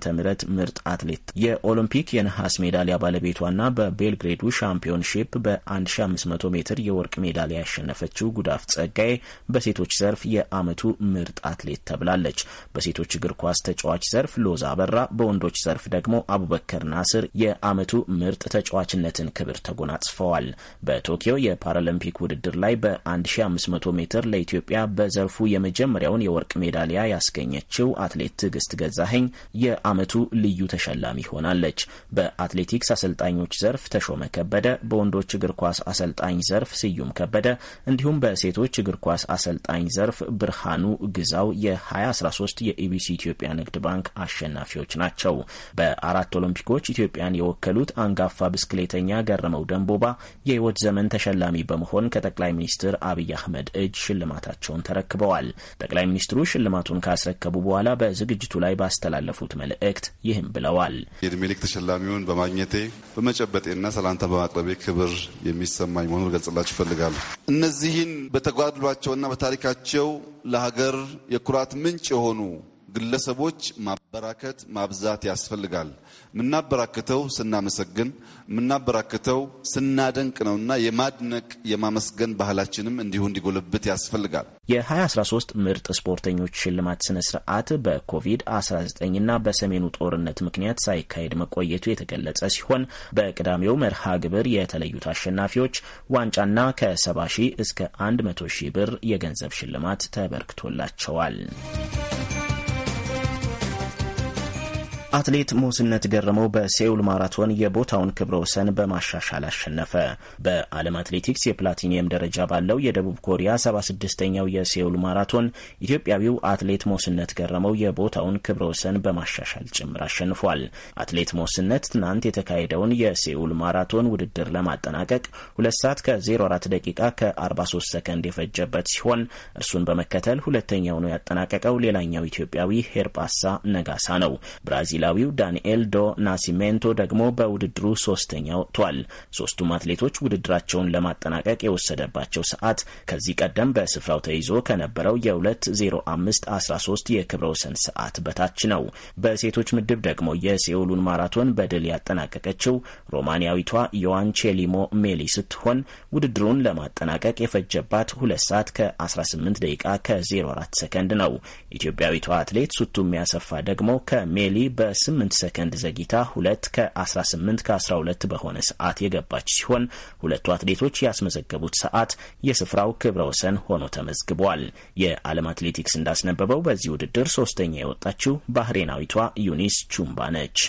ምርጥ አትሌት የኦሎምፒክ የነሐስ ሜዳሊያ ባለቤቷና በቤልግሬዱ ሻምፒዮንሺፕ በ1500 ሜትር የወርቅ ሜዳሊያ ያሸነፈችው ጉዳፍ ጸጋዬ በሴቶች ዘርፍ የዓመቱ ምርጥ አትሌት ተብላለች። በሴቶች እግር ኳስ ተጫዋች ዘርፍ ሎዛ አበራ፣ በወንዶች ዘርፍ ደግሞ አቡበከር ናስር የዓመቱ ምርጥ ተጫዋችነትን ክብር ተጎናጽፈዋል። በቶኪዮ የፓራሊምፒክ ውድድር ላይ በ1500 ሜትር ለኢትዮጵያ በዘርፉ የመጀመሪያውን የወርቅ ሜዳሊያ ያስገኘችው አትሌት ትዕግስት ገዛኸኝ የዓመቱ ልዩ ተሻ ተሸላሚ ሆናለች። በአትሌቲክስ አሰልጣኞች ዘርፍ ተሾመ ከበደ፣ በወንዶች እግር ኳስ አሰልጣኝ ዘርፍ ስዩም ከበደ እንዲሁም በሴቶች እግር ኳስ አሰልጣኝ ዘርፍ ብርሃኑ ግዛው የ2013 የኢቢሲ ኢትዮጵያ ንግድ ባንክ አሸናፊዎች ናቸው። በአራት ኦሎምፒኮች ኢትዮጵያን የወከሉት አንጋፋ ብስክሌተኛ ገረመው ደንቦባ የህይወት ዘመን ተሸላሚ በመሆን ከጠቅላይ ሚኒስትር አብይ አህመድ እጅ ሽልማታቸውን ተረክበዋል። ጠቅላይ ሚኒስትሩ ሽልማቱን ካስረከቡ በኋላ በዝግጅቱ ላይ ባስተላለፉት መልእክት ይህም ብለዋል። ገልጸዋል። የእድሜ ልክ ተሸላሚውን በማግኘቴ በመጨበጤና ሰላምታ በማቅረቤ ክብር የሚሰማኝ መሆኑን ልገልጽላችሁ ይፈልጋሉ። እነዚህን በተጓድሏቸውና በታሪካቸው ለሀገር የኩራት ምንጭ የሆኑ ግለሰቦች ማበራከት ማብዛት ያስፈልጋል። የምናበራክተው ስናመሰግን፣ የምናበራክተው ስናደንቅ ነውና የማድነቅ የማመስገን ባህላችንም እንዲሁ እንዲጎለብት ያስፈልጋል። የ2013 ምርጥ ስፖርተኞች ሽልማት ስነ ስርዓት በኮቪድ-19ና በሰሜኑ ጦርነት ምክንያት ሳይካሄድ መቆየቱ የተገለጸ ሲሆን በቅዳሜው መርሃ ግብር የተለዩት አሸናፊዎች ዋንጫና ከ70 ሺህ እስከ 100 ሺህ ብር የገንዘብ ሽልማት ተበርክቶላቸዋል። አትሌት ሙስነት ገረመው በሴውል ማራቶን የቦታውን ክብረ ወሰን በማሻሻል አሸነፈ። በዓለም አትሌቲክስ የፕላቲኒየም ደረጃ ባለው የደቡብ ኮሪያ 76ኛው የሴውል ማራቶን ኢትዮጵያዊው አትሌት ሞስነት ገረመው የቦታውን ክብረ ወሰን በማሻሻል ጭምር አሸንፏል። አትሌት ሞስነት ትናንት የተካሄደውን የሴውል ማራቶን ውድድር ለማጠናቀቅ ሁለት ሰዓት ከ04 ደቂቃ ከ43 ሰከንድ የፈጀበት ሲሆን እርሱን በመከተል ሁለተኛው ነው ያጠናቀቀው ሌላኛው ኢትዮጵያዊ ሄርጳሳ ነጋሳ ነው። ብራዚል ብራዚላዊው ዳንኤል ዶ ናሲሜንቶ ደግሞ በውድድሩ ሶስተኛ ወጥቷል። ሶስቱም አትሌቶች ውድድራቸውን ለማጠናቀቅ የወሰደባቸው ሰዓት ከዚህ ቀደም በስፍራው ተይዞ ከነበረው የ2:05:13 የክብረ ወሰን ሰዓት በታች ነው። በሴቶች ምድብ ደግሞ የሴውሉን ማራቶን በድል ያጠናቀቀችው ሮማንያዊቷ ዮዋን ቼሊሞ ሜሊ ስትሆን ውድድሩን ለማጠናቀቅ የፈጀባት 2 ሰዓት ከ18 ደቂቃ ከ04 ሰከንድ ነው። ኢትዮጵያዊቷ አትሌት ሱቱሜ አሰፋ ደግሞ ከሜሊ በ 8 ሰከንድ ዘግይታ ሁለት ከ18 ከ12 በሆነ ሰዓት የገባች ሲሆን ሁለቱ አትሌቶች ያስመዘገቡት ሰዓት የስፍራው ክብረ ወሰን ሆኖ ተመዝግቧል። የዓለም አትሌቲክስ እንዳስነበበው በዚህ ውድድር ሶስተኛ የወጣችው ባህሬናዊቷ ዩኒስ ቹምባ ነች።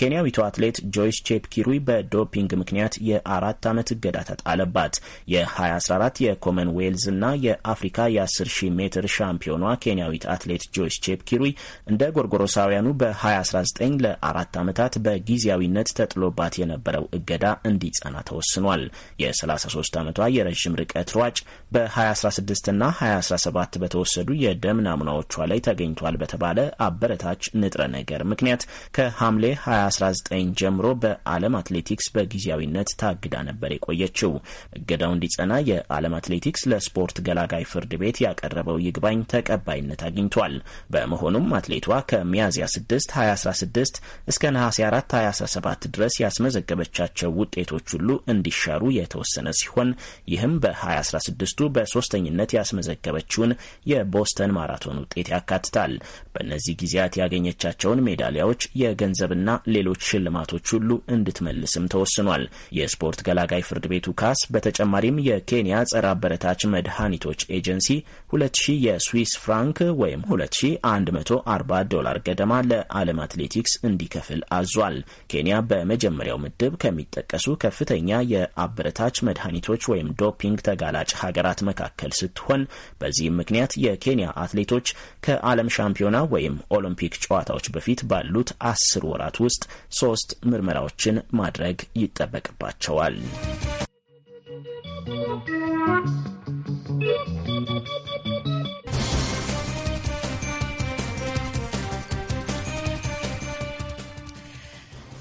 ኬንያዊቱ አትሌት ጆይስ ቼፕ ኪሩይ በዶፒንግ ምክንያት የአራት ዓመት እገዳ ተጣለባት። የ2014 የኮመንዌልዝ እና የአፍሪካ የ10 ሺህ ሜትር ሻምፒዮኗ ኬንያዊት አትሌት ጆይስ ቼፕ ኪሩይ እንደ ጎርጎሮሳውያኑ በ2019 ለአራት ዓመታት በጊዜያዊነት ተጥሎባት የነበረው እገዳ እንዲጸና ተወስኗል። የ33 ዓመቷ የረዥም ርቀት ሯጭ በ2016 እና 2017 በተወሰዱ የደም ናሙናዎቿ ላይ ተገኝቷል በተባለ አበረታች ንጥረ ነገር ምክንያት ከሐምሌ 20 2019 ጀምሮ በዓለም አትሌቲክስ በጊዜያዊነት ታግዳ ነበር የቆየችው። እገዳው እንዲጸና የዓለም አትሌቲክስ ለስፖርት ገላጋይ ፍርድ ቤት ያቀረበው ይግባኝ ተቀባይነት አግኝቷል። በመሆኑም አትሌቷ ከሚያዝያ 6 2016 እስከ ነሐሴ 4 2017 ድረስ ያስመዘገበቻቸው ውጤቶች ሁሉ እንዲሻሩ የተወሰነ ሲሆን ይህም በ2016ቱ በሶስተኝነት ያስመዘገበችውን የቦስተን ማራቶን ውጤት ያካትታል። በእነዚህ ጊዜያት ያገኘቻቸውን ሜዳሊያዎች የገንዘብና ሌሎች ሽልማቶች ሁሉ እንድትመልስም ተወስኗል። የስፖርት ገላጋይ ፍርድ ቤቱ ካስ በተጨማሪም የኬንያ ጸረ አበረታች መድኃኒቶች ኤጀንሲ 2000 የስዊስ ፍራንክ ወይም 2140 ዶላር ገደማ ለዓለም አትሌቲክስ እንዲከፍል አዟል። ኬንያ በመጀመሪያው ምድብ ከሚጠቀሱ ከፍተኛ የአበረታች መድኃኒቶች ወይም ዶፒንግ ተጋላጭ ሀገራት መካከል ስትሆን በዚህም ምክንያት የኬንያ አትሌቶች ከዓለም ሻምፒዮና ወይም ኦሎምፒክ ጨዋታዎች በፊት ባሉት አስር ወራት ውስጥ ሶስት ምርመራዎችን ማድረግ ይጠበቅባቸዋል።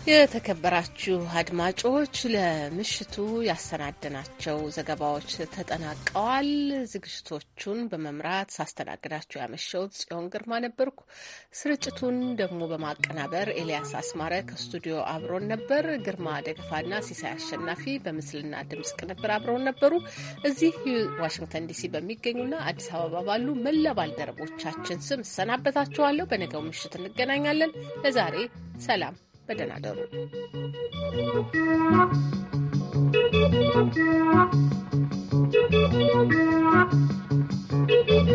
የተከበራችሁ አድማጮች ለምሽቱ ያሰናድናቸው ዘገባዎች ተጠናቀዋል። ዝግጅቶቹን በመምራት ሳስተናግዳችሁ ያመሸውት ጽዮን ግርማ ነበርኩ። ስርጭቱን ደግሞ በማቀናበር ኤልያስ አስማረ ከስቱዲዮ አብሮን ነበር። ግርማ ደገፋና ሲሳይ አሸናፊ በምስልና ድምጽ ቅንብር አብረውን ነበሩ። እዚህ ዋሽንግተን ዲሲ በሚገኙና አዲስ አበባ ባሉ መላ ባልደረቦቻችን ስም እሰናበታችኋለሁ። በነገው ምሽት እንገናኛለን። ለዛሬ ሰላም በደህና አደሩ።